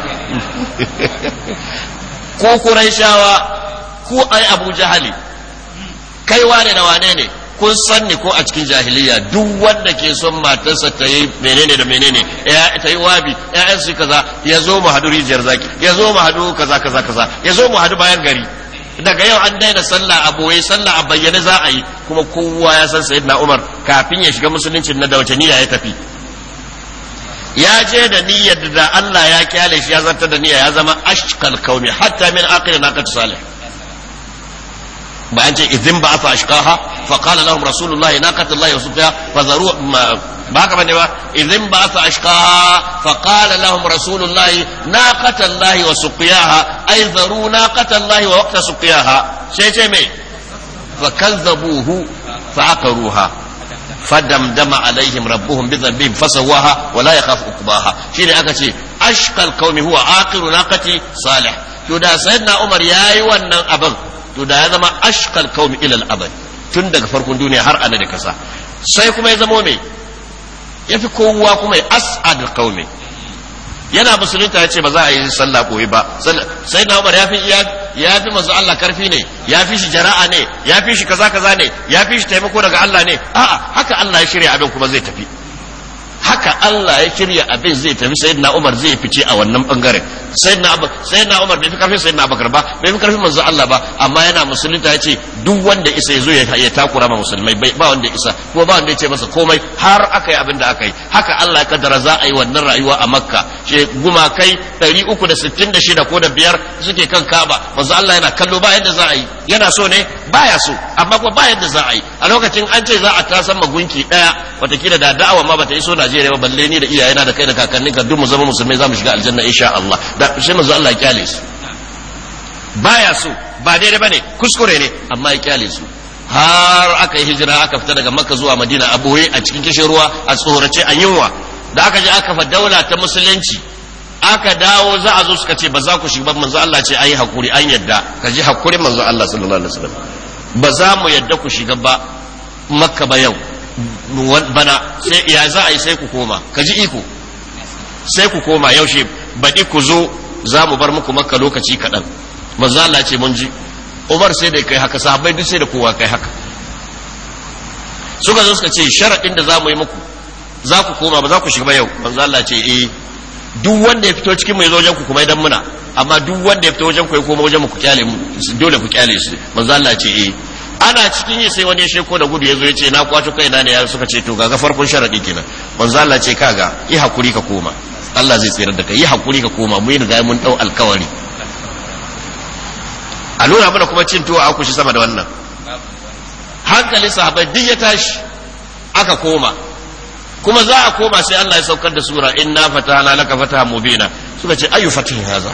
ku kuran shawa ku ai abu jahali kai wane da wane ne kun san ne ko a cikin jahiliya duk wanda ke son matarsa ta yi menene da menene ya ta yi wabi ƴaƴan su kaza ya zo mu hadu rijiyar zaki ya zo mu hadu kaza kaza kaza ya zo mu hadu bayan gari daga yau an daina sallah a boye sallah a bayyane za a yi kuma kowa ya san na umar kafin ya shiga musuluncin na da wace niyya ya tafi ya je da niyyar da Allah ya kyale shi ya zarta da niyya ya zama ashqal qaumi hatta min aqil naqat salih ba an ce idin ba afa ashqaha fa qala lahum rasulullahi naqatullahi wa suqiya fa zaru ba ka bane ba idan ba fa ashqaha fa qala lahum rasulullahi naqata allahi wa suqiyaha ay zaru naqata allahi wa waqta suqiyaha sai ce me fa kazzabuhu fa aqaruha فدمدم عليهم ربهم بذنبهم فسواها ولا يخاف عقباها شيء aka ce ashqal qaumi huwa aqiru naqati salih to da sayyidina yayi wannan abin to ya zama ashqal qaumi ila al tun daga farkon duniya har ana da kasa sai kuma ya zamo me ya fi kowa kuma ya as'ad qaumi yana musulunta ya ce ba za a yi sallah koyi ba sai na umar ya fi ya fi manzo Allah karfi ne ya fi shi jara'a ne ya fi shi kaza kaza ne ya fi shi taimako daga Allah ne a'a haka Allah ya shirya abin kuma zai tafi haka Allah ya shirya abin zai tafi sayyidina Umar zai fice a wannan bangaren sayyidina Abu sayyidina Umar bai fi karfin sayyidina Abubakar ba bai fi karfin manzo Allah ba amma yana musulunta ce duk wanda isa yazo ya takura ma musulmai bai ba wanda isa kuma ba wanda ya ce masa komai har aka yi abin da aka yi haka Allah ya kaddara za a yi wannan rayuwa a Makka she gumakai 366 ko da biyar suke kan Kaaba manzo Allah yana kallo ba yadda za a yi yana so ne baya so amma kuma ba yadda za a yi a lokacin an ce za a tasan magunki daya watakila da da'awa ma bata iso na Najeriya ba balle ni da iyayena da kai da kakanni ka duk mu zama musulmai za mu shiga aljanna insha Allah da shi manzo Allah ya kyale su baya so ba daidai bane kuskure ne amma ya kyale su har aka yi hijira aka fita daga Makka zuwa Madina a boye a cikin kishin ruwa a tsorace a yunwa da aka je aka fa daula ta musulunci aka dawo za a zo suka ce ba za ku shiga manzo Allah ce ayi hakuri an yadda ka ji hakurin manzo Allah sallallahu alaihi wasallam ba za mu yadda ku shiga ba makka ba yau bana sai ya za a yi sai ku koma ka ji iko sai ku koma yaushe baɗi ku zo za mu bar muku makka lokaci kaɗan manzo Allah ce mun ji Umar sai da kai haka sahabbai duk sai da kowa kai haka suka zo suka ce sharaɗin da za mu yi muku za ku koma ba za ku shiga ba yau manzo Allah ce eh duk wanda ya fito cikin mai zo wajen ku kuma idan muna amma duk wanda ya fito wajen ku ya koma wajen mu ku kyale mu dole ku kyale su manzo Allah ce eh ana cikin yi sai wani ya sheko da gudu ya zo ya ce na kwato kai na ne ya suka ce to ga farkon sharadi kenan manzo Allah ce kaga yi hakuri ka koma Allah zai tsira da kai yi hakuri ka koma mu yi riga mun dau alkawari a mana kuma cin tuwa aku shi sama da wannan Hankali sahabai duk ya tashi aka koma kuma za a koma sai Allah ya saukar da sura inna ka laka fataha mubina suka ce ayu fatihin haza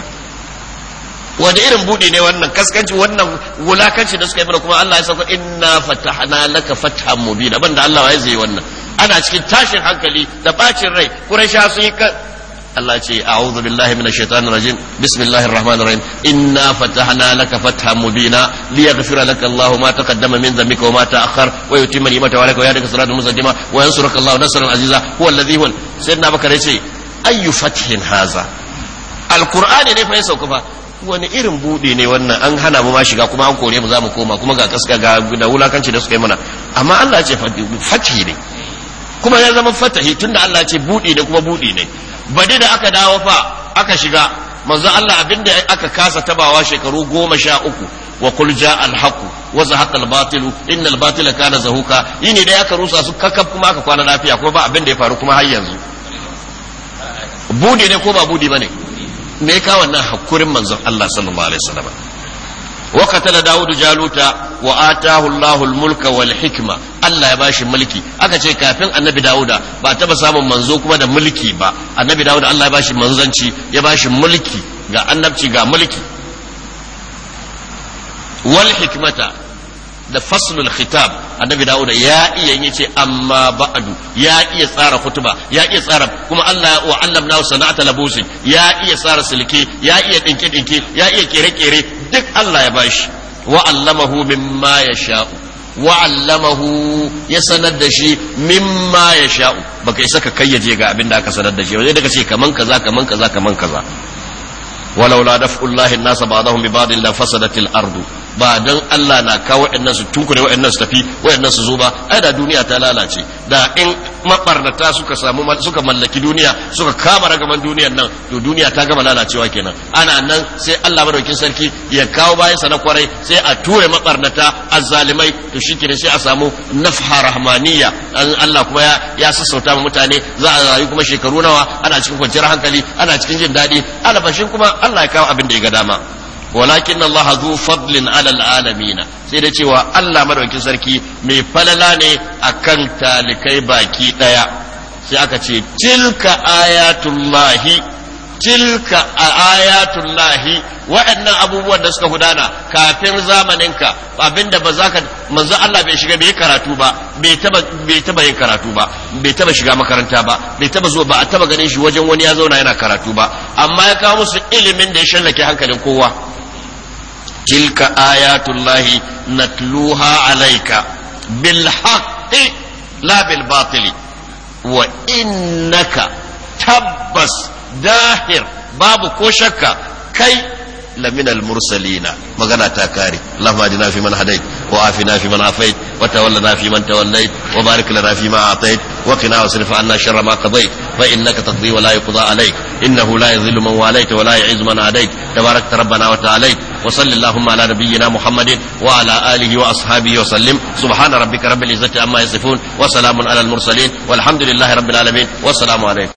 wani irin buɗe ne wannan kaskanci wannan wulakanci da suka yi mana kuma Allah ya sauka inna fatahna laka fathan mubina banda Allah ya zai wannan ana cikin tashin hankali da bacin rai quraisha sun yi Allah ya ce a'udhu billahi minash shaitanir rajim bismillahir rahmanir rahim inna fatahna laka fathan mubina liyaghfira laka Allahu ma taqaddama min dhanbika wa ma ta'akhkhar wa yutimma ni'matahu 'alayka wa yahdika siratan mustaqima wa yansuruka Allahu nasran aziza huwa alladhi huwa sayyidina bakar yace ayyu fathin hadha alqur'ani ne fa ya sauka fa wani irin buɗe ne wannan an hana mu ma shiga kuma an kore mu za mu koma kuma ga kaska ga da wulakanci da suka yi mana amma Allah ce fatihi ne kuma ya zama fatahi tunda Allah ce buɗe ne kuma bude ne bade da aka dawo fa aka shiga manzo Allah abinda aka kasa tabawa shekaru goma sha uku wa kul ja al haqu wa zahaqa al batil innal batila kana zahuka yini da aka rusa su kakkab kuma aka kwana lafiya kuma ba abinda ya faru kuma har yanzu bude ne ko ba bude bane me ya kawo wannan hakurin manzon Allah sallallahu alaihi wasallam wa qatala dawudu jaluta wa atahu Allahu mulka wal hikma Allah ya bashi mulki aka ce kafin annabi dawuda ba taba samun manzo kuma da mulki ba annabi dawuda Allah ya bashi manzanci ya bashi mulki ga annabci ga mulki wal hikmata da faslul khitab annabi da'uda ya iya yin ce amma ba'adu ya iya tsara kutuba ya iya tsara kuma Allah wa allamna sana'ata labusin ya iya tsara silke ya iya dinke dinke ya iya kere kere duk Allah ya bashi wa allamahu mimma yasha'u wa allamahu ya sanar da shi mimma yasha'u baka isa ka kayyaje ga abin da aka sanar da shi wajen daga ce kaman kaza kaman kaza kaman kaza walaula daf'ullahi an-nas ba'dahum bi ba'd la fasadatil ardu ba dan Allah na kawo waɗannan su tunkure waɗannan su tafi waɗannan su zo ba ai da duniya ta lalace da in mabarnata suka samu suka mallaki duniya suka kama ragaman duniyar nan to duniya ta gama lalacewa kenan ana nan sai Allah madaukin sarki ya kawo sa na kwarai sai a ture mabarnata azzalimai to shikenan sai a samu nafha rahmaniya Allah kuma ya ya sassauta ma mutane za a rayu kuma shekaru nawa ana cikin kwanciyar hankali ana cikin jin daɗi alafashin kuma Allah ya kawo abin da ya ga dama walakin Allah zu fadlin alal alamina sai da cewa Allah madaukin sarki mai falala ne akan talikai baki daya sai aka ce tilka ayatullahi tilka ayatul lahi waɗannan abubuwan da suka gudana kafin zamanin ka abinda ba za ka manzo Allah bai shiga bai karatu ba bai taba bai taba yin karatu ba bai taba shiga makaranta ba bai taba zo ba a taba ganin shi wajen wani ya zauna yana karatu ba amma ya kawo musu ilimin da ya shallake hankalin kowa tilka ayatul lahi natluha alayka bil haqqi la bil batili wa innaka tabbas dahir babu ko shakka kai لمن المرسلين مغنا تاكاري اللهم اهدنا في من هديت وعافنا في من عافيت وتولنا في من توليت وبارك لنا فيما اعطيت وقنا واصرف عنا شر ما قضيت فانك تقضي ولا يقضى عليك انه لا يذل من واليت ولا يعز من عاديت تباركت ربنا وتعاليت وصل اللهم على نبينا محمد وعلى اله واصحابه وسلم سبحان ربك رب العزه عما يصفون وسلام على المرسلين والحمد لله رب العالمين والسلام عليكم